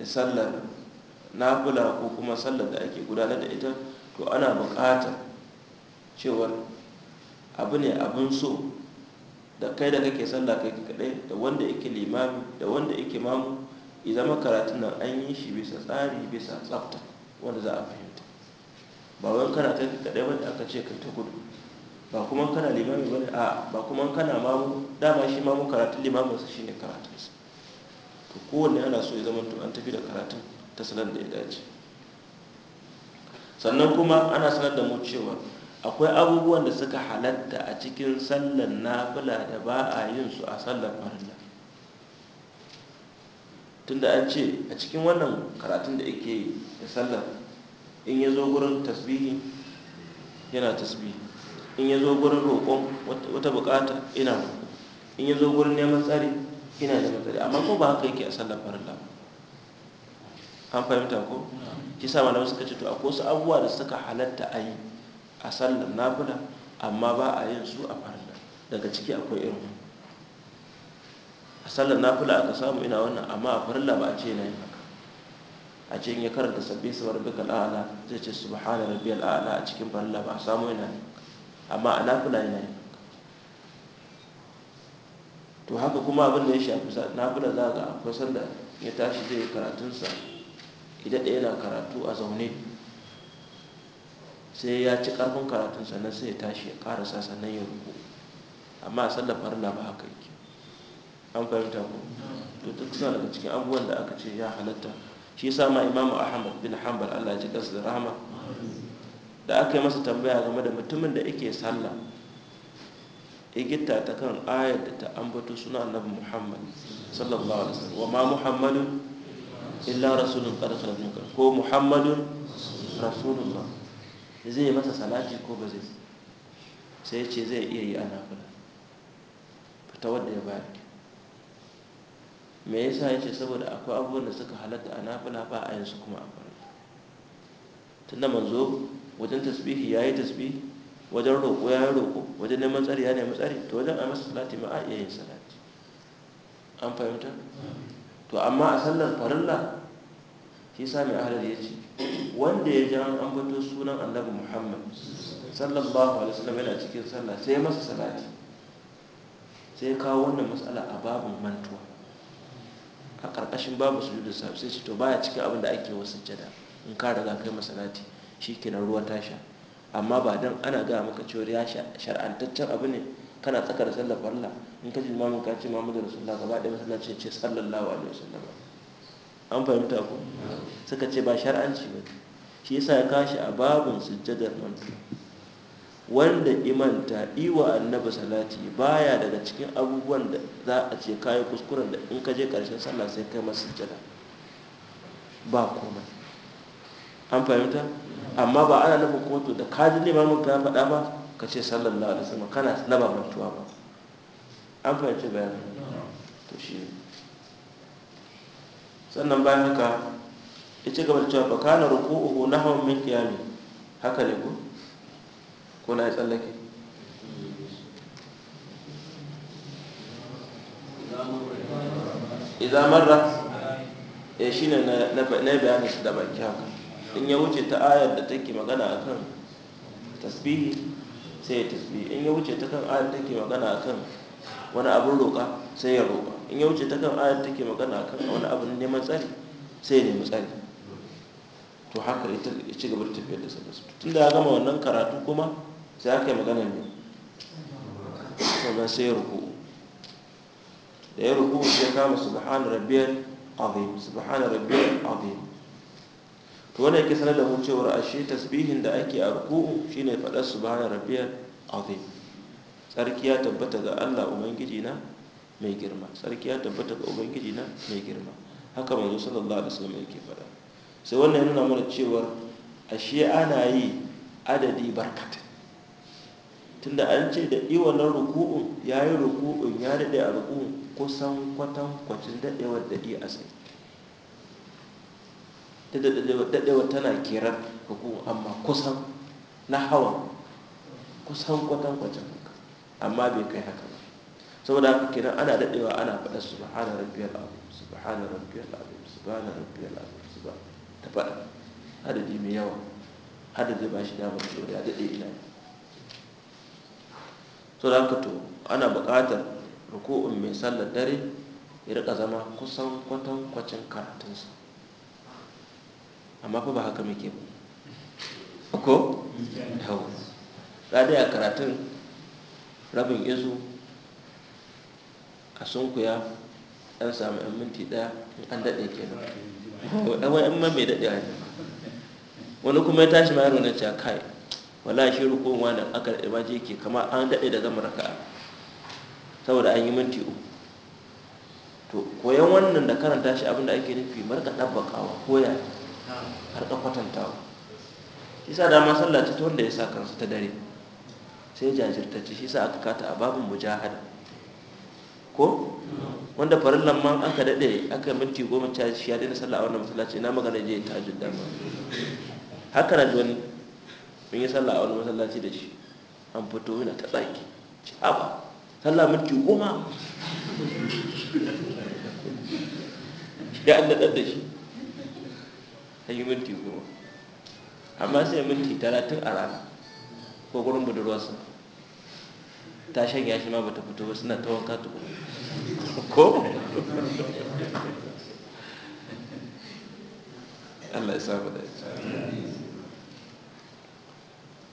sallar nafula ko kuma sallar da ake gudanar da ita to ana bukatar cewar abu ne abin so da kai da kake sallah kai kadai da wanda yake limami da wanda yake mamu zama karatun nan an yi shi bisa tsari bisa tsafta wanda za a fahimta ba wani kana ta kaɗai ba aka ce kai ta gudu ba kuma kana limami ba a ba kuma kana mamu dama shi mamu karatun limamin shi shine karatun su to kowanne yana so ya zama to an tafi da karatun ta sanar da ya dace sannan kuma ana sanar da mu cewa akwai abubuwan da suka halatta a cikin sallar nafila da ba a yin su a sallar farilla tunda an ce a cikin wannan karatun da ake yi da sallar in ya zo gurin tasbihi yana tasbihi in ya zo gurin roƙon wata bukata ina roƙo in ya zo gurin neman tsari ina da matsari amma ko ba haka yake a sallar farilla an fahimta ko ki sa malamai suka ce to a wasu abubuwa da suka halatta a yi a sallar nafula amma ba a yin su a farilla daga ciki akwai irin a sallar nafula aka samu ina wannan amma a farilla ba a ce na yi ba a ce ya karanta sabbin sabar rabbika ala zai ce subhana rabbiyal a'la a cikin farilla ba a samu yana amma a nafila yana to haka kuma abin da ya shafi nafila za ga akwai sanda ya tashi zai karatunsa idan da yana karatu a zaune sai ya ci karfin karatun sannan sai ya tashi ya karasa sannan ya ruku amma a sallar farilla ba haka yake an fahimta ko to duk suna daga cikin abubuwan da aka ce ya halatta shi sa ma imamu ahmad bin hanbal allah ji kansu da rahama da aka yi masa tambaya game da mutumin da yake sallah igitta ta kan ayar da ta ambato suna annabi muhammad sallallahu alaihi wasallam wa ma muhammadun illa rasulun qad khalat min ko muhammadun rasulullah zai yi masa salati ko ba zai sai ce zai iya yi ana fita wadda ya bayar me yasa ya ce saboda akwai abubuwan da suka halatta a nafila ba a yansu kuma a farko tunda manzo wajen tasbihi ya yi tasbihi wajen roƙo ya yi roƙo wajen neman tsari ya nemi tsari to wajen a masa salati ma a iya yin salati an fahimta to amma a sallar farilla shi sa mai ahalar ya ce wanda ya jan an fito sunan annabi muhammad sallallahu alaihi wasallam yana cikin sallah sai masa salati sai kawo wannan matsala a babin mantuwa a ƙarƙashin babu su sa sai ce to baya cikin abin da ake wasu jada in ka riga kai masalati shi shikenan ruwa ta sha amma ba dan ana ga maka cewa ya shar'antaccen abu ne kana tsaka da sallar farla in ka ji mamun ka ce mamu da rasulullah gaba ɗaya masallaci ce sallallahu alaihi wasallam an fahimta ko suka ce ba shar'anci ba shi yasa ya kashi a babun sujjadar mantu wanda imanta iwa annabi salati baya daga cikin abubuwan da za a ce kayi kuskuren da in ka je karshen sallah sai kai masu jada ba komai an fahimta amma ba ana nufin kotu da ka ji limamin ya faɗa ba ka ce sallallahu alaihi wasallam kana na ba mantuwa ba an fahimci bayanin to shi sannan bayan haka ya ci gaba da cewa ba kana ruku'uhu nahwan min qiyami haka ne ko ko na tsallake izamarra marra eh, ya shi ne na bayanin su da baki haka in ya wuce ta ayar da take magana a kan tasbihi sai ya tasbihi in ya wuce ta kan ayar da take magana a kan wani abin roƙa sai ya roƙa in ya wuce ta kan ayar da take magana a kan wani abin neman tsari sai ya nemi tsari to haka ya ci gaba da tafiyar da sabbasu tun da ya gama wannan karatu kuma sai aka yi magana ne sai ya ruku da ya ruku sai kama subhana rabbiyal azim subhana rabbiyal azim to wannan yake sanar da mu cewa ashe tasbihin da ake a ruku shine faɗar subhana rabbiyal azim sarki ya tabbata ga Allah ubangiji na mai girma sarki ya tabbata ga ubangiji na mai girma haka manzo sallallahu alaihi wasallam yake fada sai wannan yana nuna mana cewa ashe ana yi adadi barkatai tunda an ce da iwalar ruku'un ya yi ruku'un ya daɗe a ruku'un kusan kwatankwacin daɗewar daɗi a asai daɗewar tana kerar ruku'un amma kusan na hawan kusan kwatankwacin haka amma bai kai haka ba saboda haka kenan ana daɗewa ana faɗa subhana rabbiyal azim subhana rabbiyal azim rabbiyar abu su ba ta faɗa hadadi mai yawa hadadi ba shi damar cewa ya daɗe ina so da haka to ana buƙatar ruku'un mai sallar dare ya rika zama kusan kwatankwacin karatunsa amma fa ba haka muke ba ko? hau ɗaɗaya karatun rabin izu a sunkuya ɗan samu 'yan minti ɗaya an daɗe kenan wani an mai daɗe wani kuma ya tashi ma yaro na cakai wala shi rukun wani aka da je ke kama an daɗe da zama raka'a saboda an yi minti uku to koyan wannan da karanta shi abinda ake nufi marka ɗabbakawa koya har ka kwatantawa shi sa dama sallah ta wanda ya sa kansu ta dare sai jajirtacce shi sa aka kata a babin mujahada ko wanda farillan man aka daɗe aka minti goma ta shi ya daina sallah a wannan masallaci na magana je ta tajud dama haka na wani mun yi sallah a wani masallaci da shi an fito yana ta tsaki ci sallah minti goma ya an da shi ta yi minti goma amma sai minti talatin a rana ko gurin budurwarsa ta shanya shi ma ba ta fito ba suna ta katu ko Allah ya saba da ya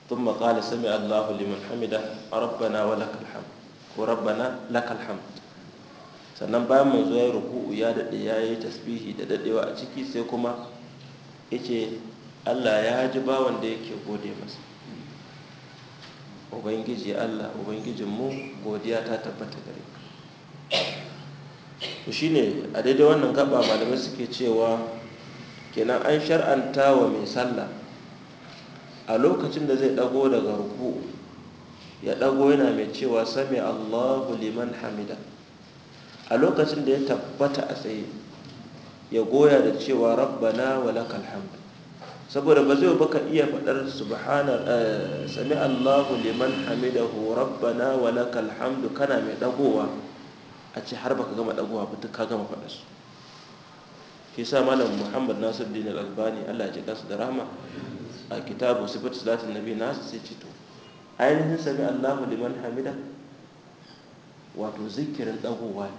ثم قال سمع الله لمن حمده ربنا ولك الحمد وربنا لك الحمد sannan bayan mai zuwa ruku'u ya daɗe ya yi tasbihi da daɗewa a ciki sai kuma ce Allah ya ji bawan da yake gode masa ubangiji Allah ubangijinmu godiya ta tabbata gare shi ne a daidai wannan gaba malamai suke cewa kenan an shar'anta wa mai sallah a lokacin da zai dago daga ruku ya dago yana mai cewa sami Allahu liman hamida a lokacin da ya tabbata a tsaye ya goya da cewa rabbana wa hamd saboda ba zai baka iya faɗar subhana eh, sami Allahu liman hamidahu rabbana wa hamd kana mai dagowa a ce har baka gama dagowa ba duk ka gama fadar su ke sa malam Muhammad nasiru Al-Albani Allah ya ji da rahama a kitabu sifat salatin nabi nasu sai ce to ainihin sami allahu liman hamida wato zikirin tsagowa ne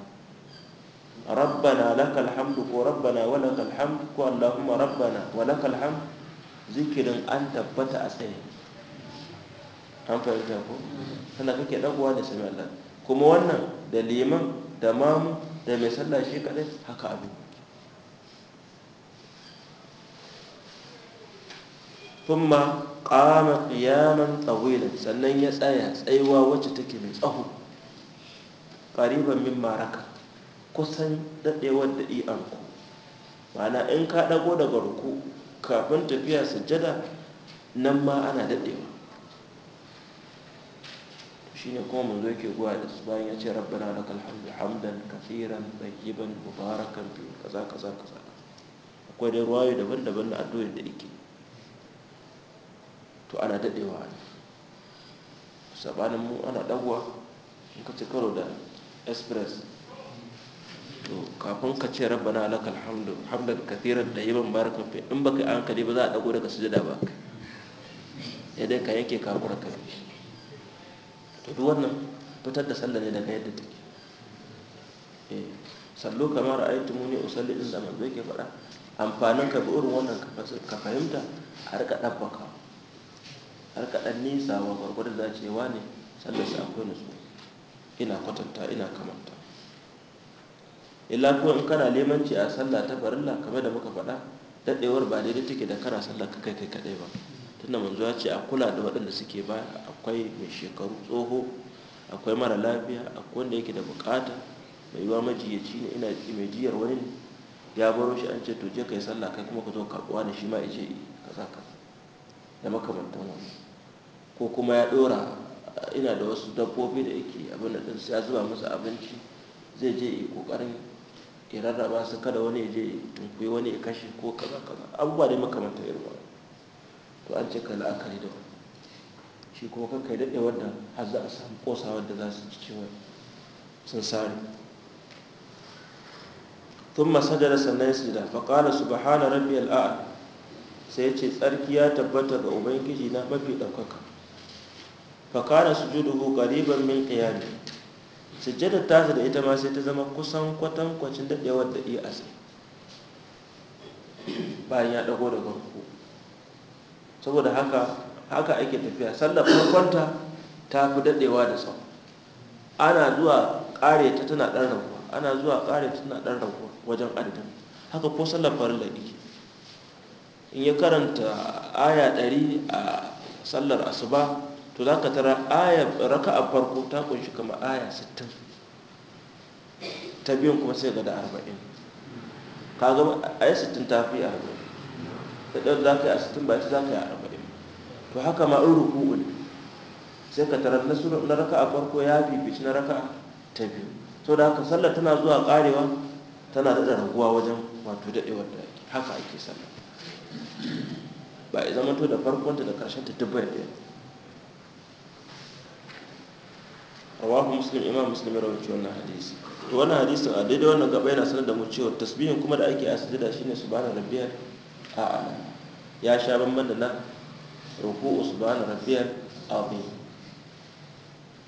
rabbana lakal hamdu ko rabbana wa lakal hamdu ko allahumma rabbana wa lakal hamdu zikirin an tabbata a tsaye an fahimta ko tana kake ɗaguwa da sami allah kuma wannan da liman da mamu da mai sallah shi kadai haka abu. ثم قام قياما طويلا sannan ya tsaya tsayuwa wacce take mai tsaho قريبا min maraka kusan dadewar da iyanku معنى in ka dago daga ruku kafin tafiya sujjada nan ma ana dadewa shine kuma mun yake goya da su bayan ya ce rabbana lakal hamdu hamdan kaseeran tayyiban mubarakan fi kaza kaza kaza akwai da ruwayo daban-daban na addu'o'in da yake to ana dadewa ne sabanin mu ana dagwa in ka ci karo da express to kafin ka ce rabba na alakal hamdu hamdan kathiran da yaban barakan fi in baka an hankali ba za a dago daga sujada ba ya dai ka yanke kakura ka to duk wannan fitar da sallah ne daga yadda take eh, sallo kamar tumu ne usalli in zaman zai ke faɗa amfanin ka bi irin wannan ka fahimta a rika dabbaka har kaɗan nisa wa gwargwadon za ce wa ne sallarsa akwai nutsu, ina kwatanta ina kamanta illa kuma in kana lemanci a sallah ta farilla kamar da muka faɗa daɗewar ba daidai take da kana sallah ka kai kai kaɗai ba tunda manzo ya ce a kula da waɗanda suke ba akwai mai shekaru tsoho akwai mara lafiya akwai wanda yake da bukata mai yiwa majiyaci ne ina mai jiyar wani ya baro shi an ce to je kai sallah kai kuma ka zo karɓuwa da shi ma ya ce eh, kaza kaza da makamantan wani ko kuma ya dora eh, ina da wasu dabbobi da yake abin da ɗinsu ya zuba musu abinci zai je yi ƙoƙarin ya rarraba su kada wani ya je tunkuyi wani ya kashe ko kaza kaza abubuwa dai makamantar irin to an ce ka la'akari da shi kuma kanka daɗe wadda har za a samu ƙosa da za su ci cewa sun sare tun masajara sannan su da faƙala su bahana rabbi al'a'a sai ce tsarki ya tabbata ga ubangiji na mafi ɗaukaka su kana sujuduhu qariban min qiyami sujjadar tasa da ita ma sai ta zama kusan kwatankwacin daɗewar da iya asali bayan ya ɗago da ruku saboda haka haka ake tafiya sallar farkon ta fi daɗewa da sau ana zuwa ƙare ta tana ɗan rabuwa. ana zuwa ƙare ta tana ɗan rabuwa wajen adadin haka ko sallar farilla yake in ya karanta aya ɗari a sallar asuba to za ka tara raka a farko ta kunshi kama aya 60 ta biyun kuma sai ga da 40 ka gama aya 60 ta fi a 40 da ɗan za ka yi a 60 ba za ka yi a 40 to haka ma in ruku'u ne sai ka tara na raka a farko ya bibici na raka ta biyu to da haka sallar tana zuwa karewa tana da raguwa wajen wato daɗewar da haka ake sallar ba ya zama to da farkonta da ƙarshen ta dubbai ɗaya rawahu muslim imam muslim ya rawaito wannan hadisi to wannan hadisin a daidai wannan gaba yana sanar da mu cewa tasbihin kuma da ake a sujada shine subhana rabbiyal a'la ya sha bamban da na ruku'u subhana rabbiyal azim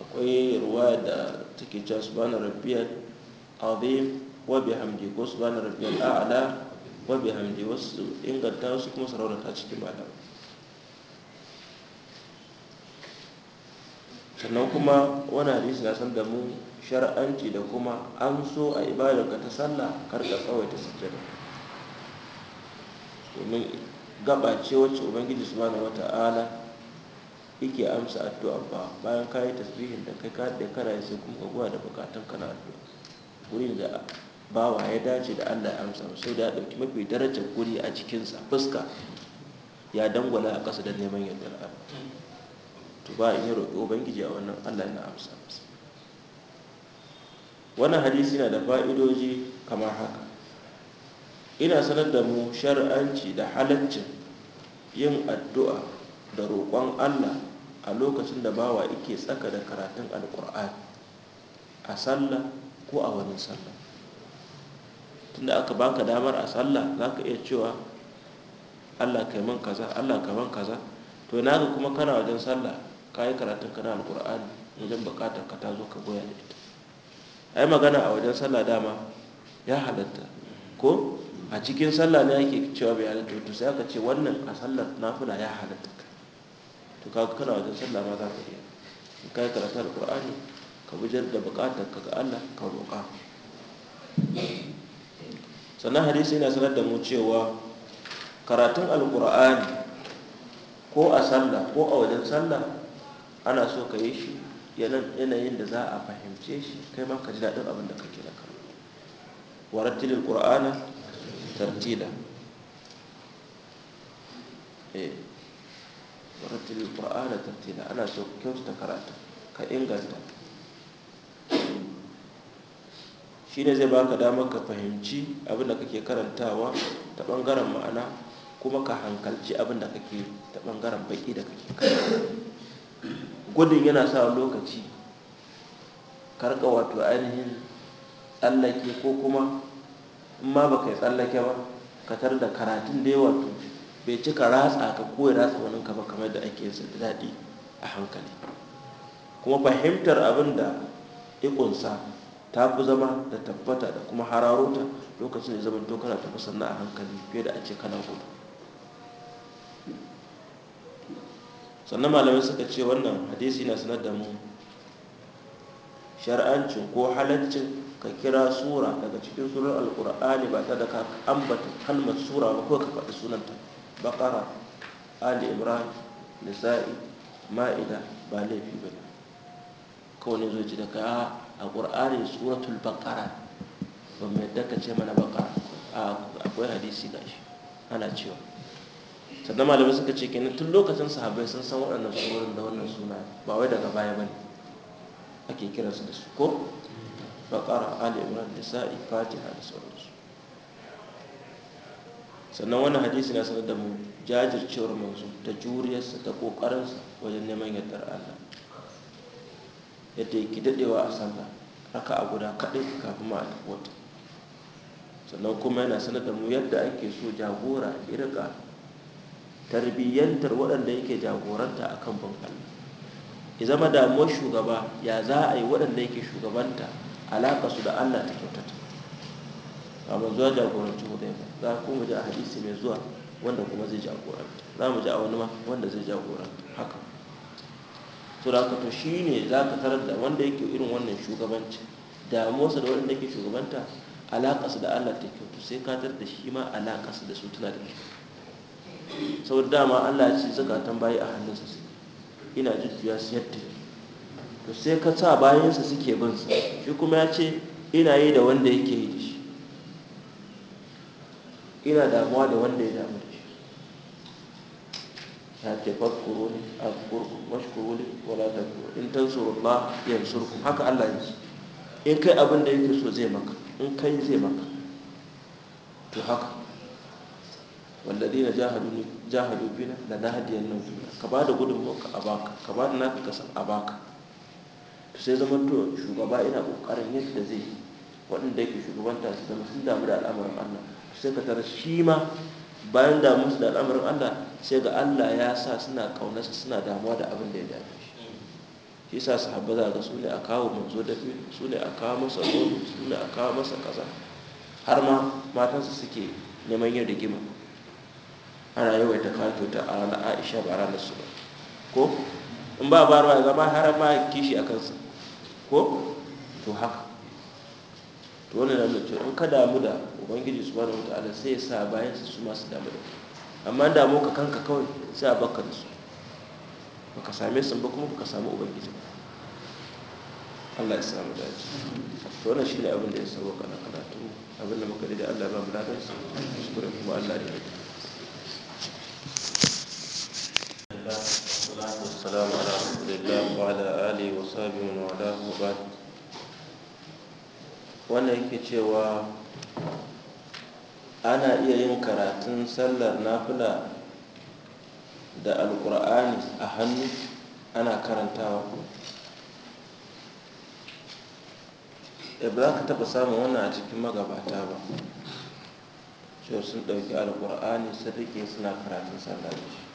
akwai ruwa da take cewa subhana rabbiyal azim wa bihamdi ko subhana rabbiyal a'la wa bihamdi wasu inganta wasu kuma sarauta cikin malamai sannan kuma wani hadisi na san da mu shar'anci da kuma an so a ibadarka ta sallah karka ta sujjada domin gaba ce wacce ubangiji subhanahu wata'ala yake amsa addu'a ba bayan ka yi tasbihin da kai kada kana sai kuma ka guwa da bukatun kana addu'a guri da bawa ya dace da Allah ya amsa sai da ya ɗauki mafi darajar guri a cikinsa fuska ya dangwala a ƙasa da neman yardar Allah to ba in yi roƙi ubangiji a wannan Allah na amsa masa wannan hadisi na da fa'idoji kamar haka ina sanar da mu shar'anci da halaccin yin addu'a da roƙon Allah a lokacin da bawa ke tsaka da karatun alƙur'ani a sallah ko a wani sallah tunda aka baka damar a sallah ka iya cewa Allah kaiman kaza Allah kaman kaza to naga kuma kana wajen sallah ka yi karatun kana alkur'ani wajen bukatar ka ta zo ka goya da ita ai magana a wajen sallah dama ya halatta ko a cikin sallah ne ake cewa bai halatta to sai aka ce wannan a sallar nafila ya halatta ka to ka kana wajen sallah ma za ka iya in ka yi karatun alkur'ani ka bujar da bukatar ka ga Allah ka roƙa sannan hadisi yana sanar da mu cewa karatun alkur'ani ko a sallah ko a wajen sallah ana so ka yi shi yanayin da za a fahimce shi kai ma ka ji daɗin abin da kake da kan warattilil qur'ana tartila eh tartila ana so ka karata ka inganta shi ne zai baka damar ka fahimci abin da kake karantawa ta ɓangaren ma'ana kuma ka hankalci abin da kake ta ɓangaren baƙi da kake karanta gudun yana sa lokaci karka wato ainihin tsallake ko kuma in ma baka yi tsallake ba ka tar da karatun da yawa to bai cika ratsa ka koya ratsa wani ka ba kamar da ake yin da daɗi a hankali kuma fahimtar abin da ikunsa ta fi zama da tabbata da kuma hararota lokacin da zama to ta fi sannan a hankali fiye da a ce kana gudu sannan malamai suka ce wannan hadisi na sanar da mu shar'ancin ko halancin ka kira sura daga cikin surar alkur'ani ba ta da ka ambata kalmar sura ba ko ka faɗi sunanta bakara ali ibrahim nisa'i ma'ida ba laifi ba ne kawai zo ji ka a ƙur'ani suratul bakara ba mai daga ce mana bakara akwai hadisi gashi ana cewa sannan malamai suka ce kenan tun lokacin sahabbai sun san waɗannan tsohon da wannan suna ba wai daga baya ba bane ake kiransu da su ko baqara ali imran nisa'i fatiha da sauransu sannan wannan hadisi na sanar da mu jajircewar manzo ta juriyarsa ta ƙoƙarinsa wajen neman yardar Allah yadda yake dadewa a sallah raka a guda kaɗai kafin ma a tafi wata sannan kuma yana sanar da mu yadda ake so jagora irka tarbiyyantar waɗanda yake jagoranta a kan bin Allah ya zama damuwar shugaba ya za a yi waɗanda yake shugabanta alaƙa su da Allah ta kyautata ba mu zuwa jagoranci mu ba, za ku mu ji a hadisi mai zuwa wanda kuma zai jagoranta za mu ji a wani ma wanda zai jagoranta haka to da ka to ne za ka tarar da wanda yake irin wannan shugabanci damuwarsa da waɗanda yake shugabanta alaƙa su da Allah ta kyautu sai ka tarar da shi ma alaƙa su da su tana da kyau saboda dama Allah ya ce zakatan bayi a hannunsa su ina jujjuya su yadda to sai ka sa bayansa suke bin su shi kuma ya ce ina yi da wanda yake yi da shi ina damuwa da wanda ya damu da shi ya ce fakuru ne a kurku mashkuru ne wala ta tsoron in tansurullah yansurku haka Allah ya ce in kai abin da yake so zai maka in kai zai maka to haka wallazi na jahadu bina da nahadiyan nan ka ba da gudunmuwarka a baka ka ba da naka kasan a baka to sai zama to shugaba ina kokarin yadda zai waɗanda yake shugabanta su zama sun damu da al'amarin allah sai ka tara shi ma bayan damu da al'amarin allah sai ga allah ya sa suna ƙaunarsa suna damuwa da abin da ya dame shi shi sa su haɓa za ga su ne a kawo manzo da fi su ne a kawo masa rodo su ne a kawo masa kaza har ma matansa suke neman yin rigima ana yawaita kato ta a ranar aisha ba ranar su ba ko in ba ba ruwa zama haram ma kishi a kansa ko to haka to wani na mutu in ka damu da ubangiji su bada wata ala sai ya sa bayan su masu damu da amma damu ka kanka kawai sai a baka da su baka same su ba kuma baka samu ubangiji Allah ya samu dace to wannan shine abin da ya sauka na karatu abin da muka da Allah ba mu lafiya su kuma Allah ya الله والسلام cewa ana iya yin karatun sallar nafila da alkur'ani a hannu ana eh, ba ka taɓa samun wannan a cikin magabata ba cewa sun ɗauki alkur'ani sadake suna karatun sallar da shi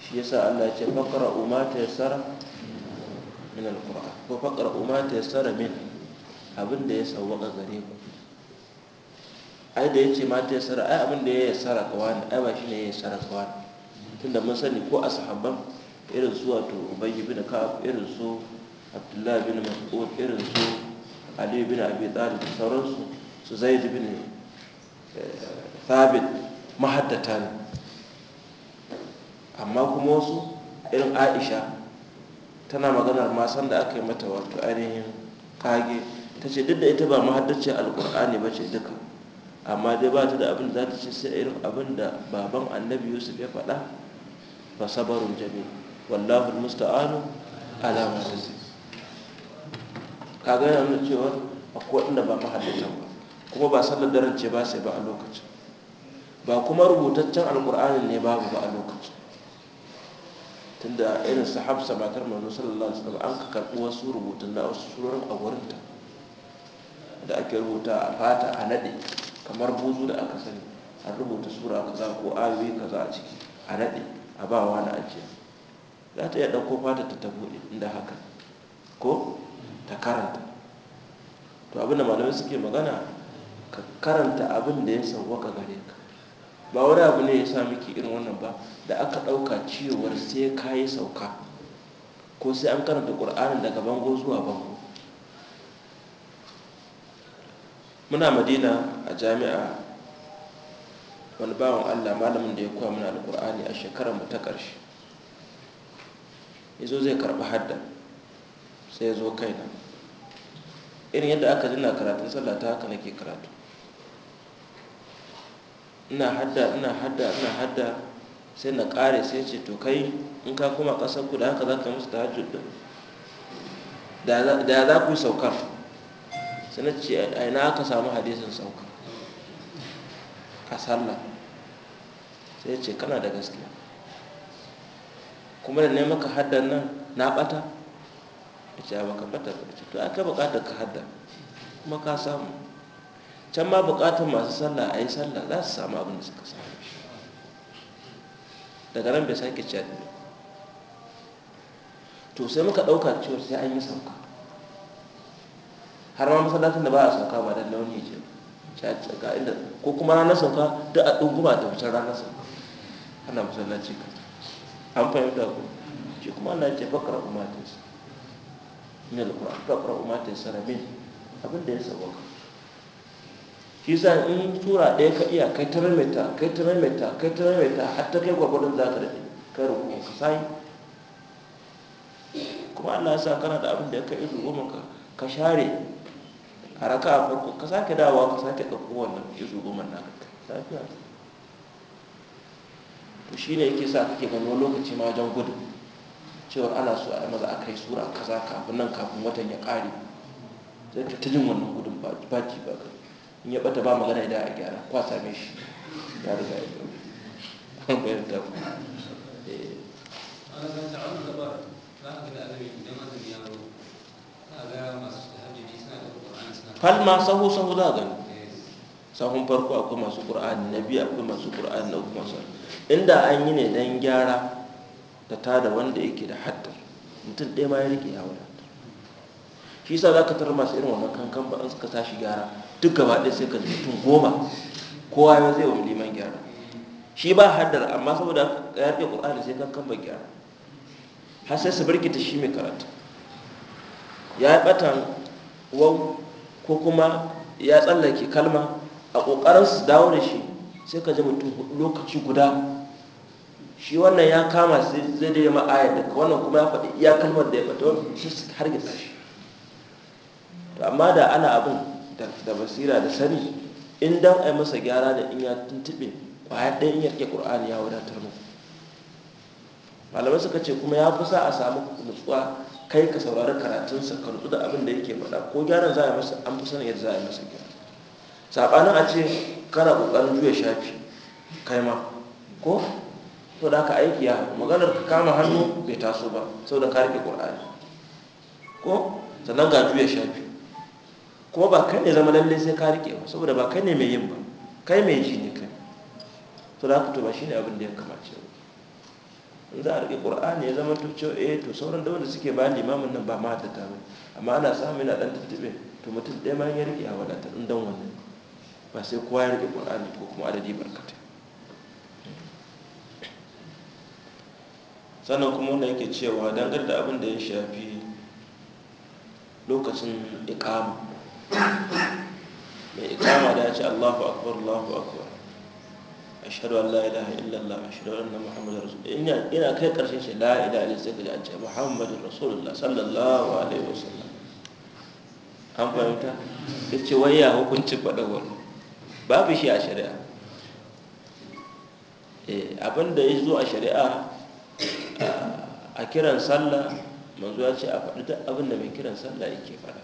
shi yasa Allah ya ce faqra umma tayassara min alquran ko faqra umma tayassara min abin da ya sawwaka gare ku ai da yace ma tayassara ai abin da ya yassara ka wani ai ba shine ya yassara ka wani tunda mun sani ko ashabban irin su wato ubayy bin ka'ab irin su abdullahi bin mas'ud irin su ali bin abi talib sauransu su zaid bin eh, thabit mahaddatan ne amma kuma wasu irin aisha tana maganar masan da aka yi mata wato ainihin kage ta ce duk da ita ba mahaddace alkur'ani ba ce duka amma dai ba ta da abin za ta ce sai irin abin da baban annabi yusuf ya faɗa ba sabarun jami wallahu musta'anu ala ma kaga yana nuna cewa akwai da ba mahaddatan ba kuma ba sallar daren ce ba sai ba a lokacin ba kuma rubutaccen alkur'ani ne babu ba a lokacin tunda irin su hafsa matar manzo sallallahu alaihi wasallam an ka karbi wasu rubutun da wasu surorin a gurinta da ake rubuta a fata a nade kamar buzu da aka sani an rubuta sura kaza ko ayoyi kaza a ciki a nade a ba wani ajiya za ta iya ɗauko fata ta tabo inda haka ko ta karanta to abin da malamai suke magana ka karanta abin da ya sauwaka gare ka ba wani abu ne ya sa miki irin wannan ba da aka ɗauka cewar sai ka yi sauka ko sai an karanta ƙur'anin daga bango zuwa bango muna madina a jami'a wani bawan allah malamin da ya koya muna alƙur'ani a shekarar mu ta ƙarshe ya zo zai karɓi hadda sai ya zo kaina irin yadda aka jina karatun sallah ta haka nake karatu ina hadda ina hadda ina hadda sai na kare sai ce to kai in ka kuma kasar ku da haka za ka musu ta din da za ku yi saukar sai na ce a ina aka samu hadisin saukar a sallah sai ce kana da gaskiya kuma da ne maka haddan nan na bata ya ce a maka bata ba ce to aka bukatar ka hadda kuma ka samu can ma bukatar masu sallah a yi sallah za su samu abin da suka samu daga nan bai sake ciyar da to sai muka ɗauka cewar sai an yi sauka har ma masallacin da ba a sauka ba don launi ce ga inda ko kuma ranar sauka duk a ɗunguma da wucin ranar sauka ana masallaci ka an fahimta ku ce kuma ana ce fakar umatis min alƙur'an fakar umatis saramin abin da ya sauka shi sa in tura ɗaya ka iya kai ta maimaita kai ta maimaita kai ta maimaita har ta kai gwagwadon za ka daɗe kai ruku ka sai kuma allah ya sa kana da abin da ya kai izu goma ka ka share a raka a farko ka sake dawa ka sake ɗauko wannan izu man na ka lafiya to shi ne yake sa kake gano lokaci ma wajen gudu cewar ana so a maza a kai sura kaza kafin nan kafin watan ya ƙare sai ka ta jin wannan gudun ba ba ka in ya bata ba magana idan a gyara kwa same shi ya riga ya an bayar da eh. falma sahu sahu za gani eh. sahun farko akwai masu ƙur'ani na biyu akwai masu ƙur'ani na uku masu inda an yi ne don gyara da tada wanda yake da haddar mutum ɗaya ma ya rike ya wadata shi sa za ka tarar masu irin wannan kankan ba in suka tashi gyara duk gaba ɗaya sai ka ji mutum goma kowa ya zai wa liman gyara shi ba haddar amma saboda ya rike ƙur'ani sai kankan ba gyara har sai su birkita shi mai karatu ya yi ɓatan wau ko kuma ya tsallake kalma a ƙoƙarin su dawo da shi sai ka ji mutum lokaci guda shi wannan ya kama sai zai da yi ma'ayar daga wannan kuma ya faɗi iya kalmar da ya faɗi wani shi har gisa shi To amma da ana abin da basira da sani in a yi masa gyara da in ya tuntube kwaya ɗaya in rike ƙur'ani ya wadatar mu malamai suka ce kuma ya kusa a samu nutsuwa kai ka saurari karatunsa ka nutsu da abin da yake faɗa ko gyaran za a yi masa an fi sanin yadda za a yi masa gyara saɓanin a ce kana ƙoƙarin juya shafi kai ma ko to da ka aiki ya maganar ka kama hannu bai taso ba saboda ka rike ƙur'ani ko sannan ga juya shafi kuma ba kai ne zama lalle sai ka rike ba saboda ba kai ne mai yin ba kai mai ji ne kai to da to ba ne abin da ya kamace ba in za a rike ƙur'an ya zama to cewa eh to sauran da wanda suke ba limamin nan ba ma ta ta ba amma ana samu yana dan tuntube to mutum ɗaya ma ya rike a wadatar in dan wannan ba sai kowa ya rike ne ko kuma adadi barkatai sannan kuma wanda yake cewa dangar da abin da ya shafi lokacin ikama mai ikama da ya ce allahu akbar allahu akbar shaɗu an la ilaha illallah ashhadu anna na rasul ina ina kai ƙarshen shi la'ida ilaha illallah sai ka ji an ce muhammadur rasulullah sallallahu alaihi wasallam an fahimta ya ce wai ya hukuncin faɗa wani babu shi a shari'a eh, abinda ya zo a shari'a a kiran sallah manzo ya ce a faɗi duk abin da mai kiran sallah yake faɗa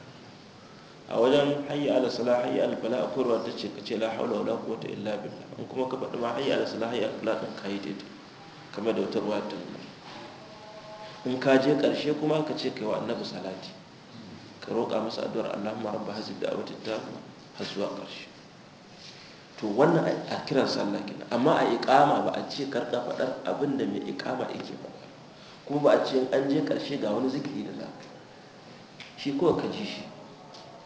a wajen hayya ala sala hayya ala bala akwai ta ce ka ce la haula wala quwwata illa billah in kuma ka faɗi ma hayya ala sala hayya ala fala din kai daidai kamar da wata ruwa ta in ka je ƙarshe kuma ka ce kai wa annabi salati ka roƙa masa addu'ar Allahumma rabba da abu ta har zuwa ƙarshe to wannan a kiran sallah kenan amma a iqama ba a ce karka faɗar abin da mai iqama yake faɗa kuma ba a ce an je ƙarshe ga wani zikiri da za shi ko ka ji shi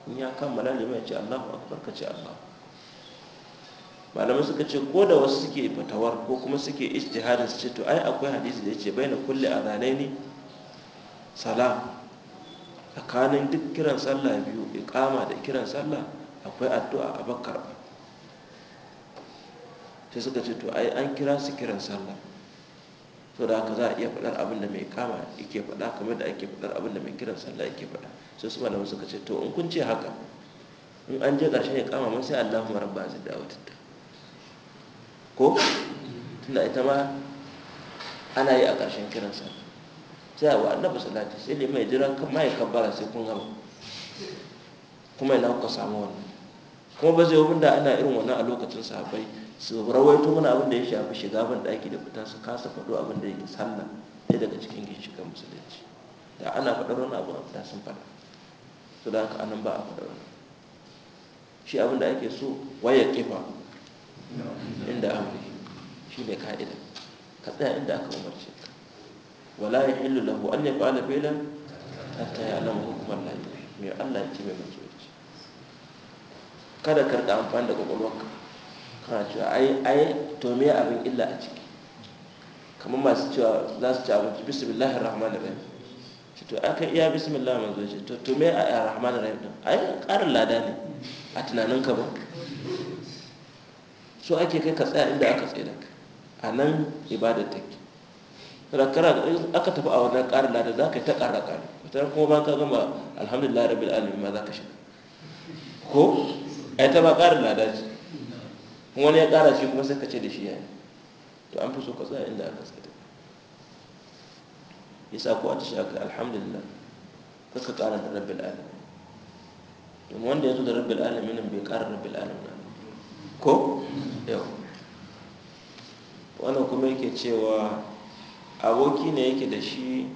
in ya kammala liman ya ce Allahu akbar ka ce Allah malamai suka ce ko da wasu suke fatawar ko kuma suke istiharin su ce to ai akwai hadisi da yace a zane ne salam tsakanin duk kiran sallah biyu iqama da kiran sallah akwai addu'a a bakar sai suka ce to ai an kira su kiran sallah sau da haka za a iya faɗar abin da mai kama yake faɗa kamar da ake faɗar abin da mai kiran sallah yake faɗa sai su malamu suka ce to in kun ce haka in an je ƙarshen ya kama mun sai allahu rabba zai dawo ta ko tunda ita ma ana yi a ƙarshen kiran sallah sai a wa annabi salati sai limai ya jira kan mai kabbara sai kun gama kuma ina kuka samu wannan kuma ba zai yi da ana irin wannan a lokacin sahabbai su rawaito mana abin da ya shafi shiga ban daki da fita su kasa faɗo abin da yake sallah ɗaya daga cikin ginshikan musulunci da ana faɗar wani abu a fita sun faɗa to da haka anan ba a faɗar wani shi abin da ake so waya kifa inda amri shi ne ka'ida ka tsaya inda aka umarce ka wala ya hillu lahu an ya fa'ala filan hatta ya alama hukumar lafiya mai Allah ya ce mai mutuwaci kada ka rika amfani da kwakwalwarka kana cewa ai ai to me abin illa a ciki kamar masu cewa za su ci abinci bismillahir rahmanir rahim ce to aka iya bismillah manzo ce to to me a rahmanir rahim din ai karin lada ne a tunanin ka ba so ake kai ka tsaya inda aka tsaya da ka a nan ibadar take rakara aka tafi a wannan karin lada za ka yi ta ƙara ƙari wata kuma ba ka gama alhamdulillah rabbil alamin ma za ka shiga ko ai ta ba ƙarin lada ce wani ya ƙara shi kuma sai ka ce da shi ya yi to an fi so ka tsaya inda aka tsaya ya sa ko a tashi alhamdulillah. alhamdulillah ka ƙara da rabbi alamin to wanda ya zo da rabbil alamin bai ƙara rabbil alamin ko yau wannan kuma yake cewa aboki ne yake da shi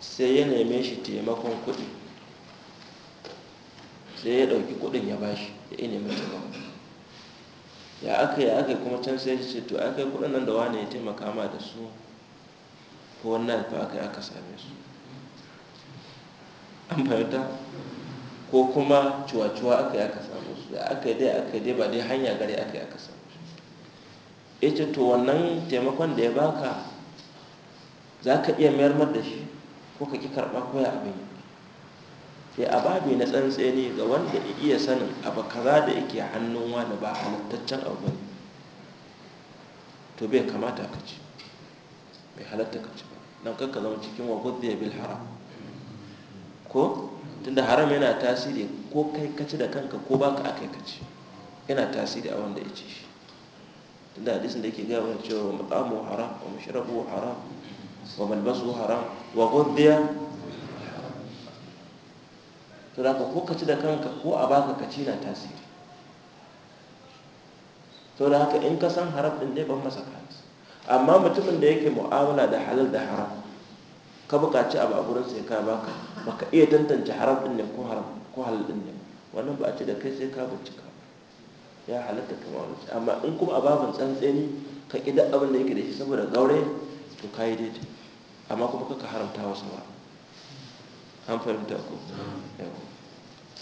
sai ya neme shi taimakon kuɗi sai ya ɗauki kuɗin ya bashi ya mata ba ya aka ya aka kuma can sai ce to aka kudin nan da wani ya taimaka ma da su ko wannan fa aka aka same su an fahimta ko kuma cuwa-cuwa aka yi aka same su ya aka yi dai aka yi dai ba dai hanya gari aka yi aka same su ya ce to wannan taimakon da ya baka za ka iya mayar da shi ko ka ki karɓa ko ya abin yi sai a babi na tsantseni ga wanda iya sanin abu kaza da yake hannun wani ba halittaccen abu ne to bai kamata ka ci bai halatta ka ci don zama cikin wa gudde bil haram ko tunda haram yana tasiri ko kai ka ci da kanka ko ba ka aka ka ci yana tasiri a wanda ya ci shi tunda hadisin da yake gaya cewa mu'amu haram wa mushrabu haram wa malbasu haram wa gudde to ko ka ci da kanka ko a baka ka ci na tasiri to da haka in ka san haram din dai ban masa kaci amma mutumin da yake mu'amala da halal da haram ka buƙaci abu a gurin sai ka baka baka iya tantance haram din ne ko haram ko halal din ne wannan ba a ce da kai sai ka bincika ya halatta kuma wani amma in kuma a tsantseni ka ƙi abin da yake da shi saboda gaure to ka yi daidai amma kuma kaka haramta wasu ba an fahimta ko yau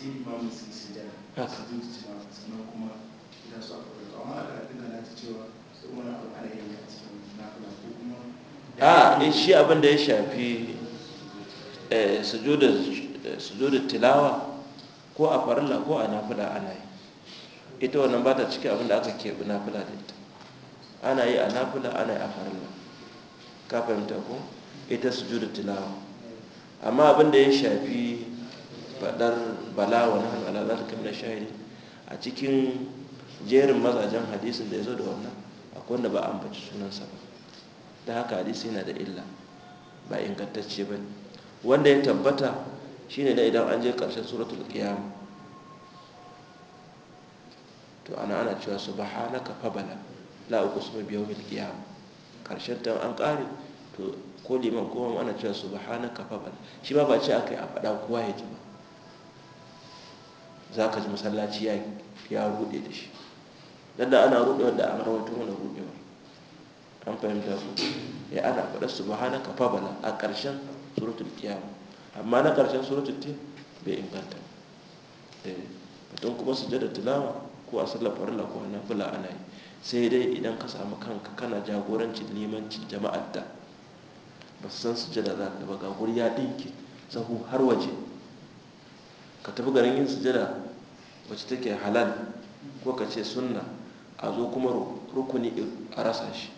in ah. ah, eh, shi abin da ya shafi eh, eh, sujudar tilawa ko a farilla ko a nafila ana yi ita wannan ba ta cikin abin da aka keɓi nafila da ita ana yi a nafila ana yi a farilla ka fahimta ko ita sujudar tilawa amma abin da ya shafi fadar bala wa nahnu ala zalika min ash-shahidi a cikin jerin mazajen hadisin da ya zo da wannan akwai wanda ba ambaci sunansa ba da haka hadisi yana da illa ba ingantacce ba wanda ya tabbata ne da idan an je ƙarshen suratul kiyama to ana ana cewa halaka fabala la su bi yawmil kiyama ƙarshen ta an ƙare to ko liman kuma ana cewa halaka fabala shi ba ba ce yi a faɗa kowa ya ji ba za ka ji masallaci ya rude da shi dan da ana rude wanda an rawaito wani rudewa an fahimta su ya ana faɗa subhanaka fa bala a ƙarshen suratul qiyam amma na ƙarshen suratul tin bai inganta eh don kuma sujjada tilawa ko a sallar farilla ko na ana yi sai dai idan ka samu kanka kana jagorancin limancin jama'ar da ba su san sujjada za ka ba ga guri ya ɗinke sahu har waje ka tafi garin yin sujada wacce take halal ko ka ce sunna a zo kuma rukuni a rasa shi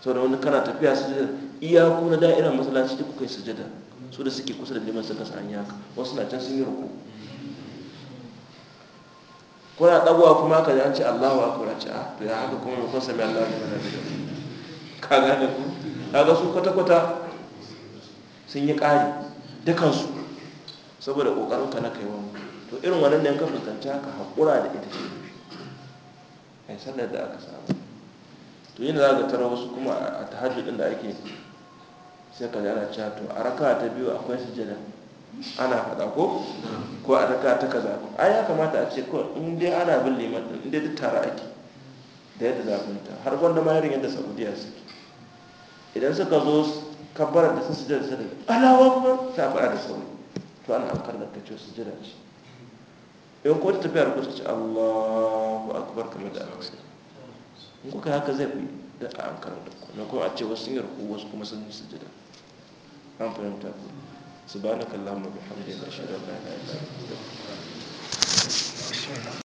sau da wani kana tafiya sujada iyaku na da'irar da duk kai sujada su da suke kusa da neman suka an yaka wasu na can sun yi ruku kuna ɗagowa kuma ka ji an ce allahu akwai a ce a ah, to ya haka kuma mai sami allahu ne ka gane ku kaga su kwata-kwata sun yi ƙari dukansu saboda ƙoƙarin ka na kai wani to irin wannan ne ka fuskanci haka haƙura da ita shi yi sallar da aka samu to yin za ka tara wasu kuma a hajji ɗin da ake sai ka jara ana cewa to a raka ta biyu akwai su sujjada ana faɗa ko ko a raka ta kaza ko ai ya kamata a ce ko in dai ana bin liman ɗin in dai duk tare ake da yadda zafinta har gwanda ma yadda yadda saudiya suke idan suka zo kabbarar da sun sujjada sai da alawa kuma ta faɗa da sauri to ana alkar da ce su jira ce in ko ta tafiya da kuka ce Allahu akubar kamar da aka sai in kuka haka zai fi da a ankar da ku na kuma a ce wasu sun yi rukun wasu kuma sun su jira an fahimta ku su ba na an la ilaha na anta astaghfiruka wa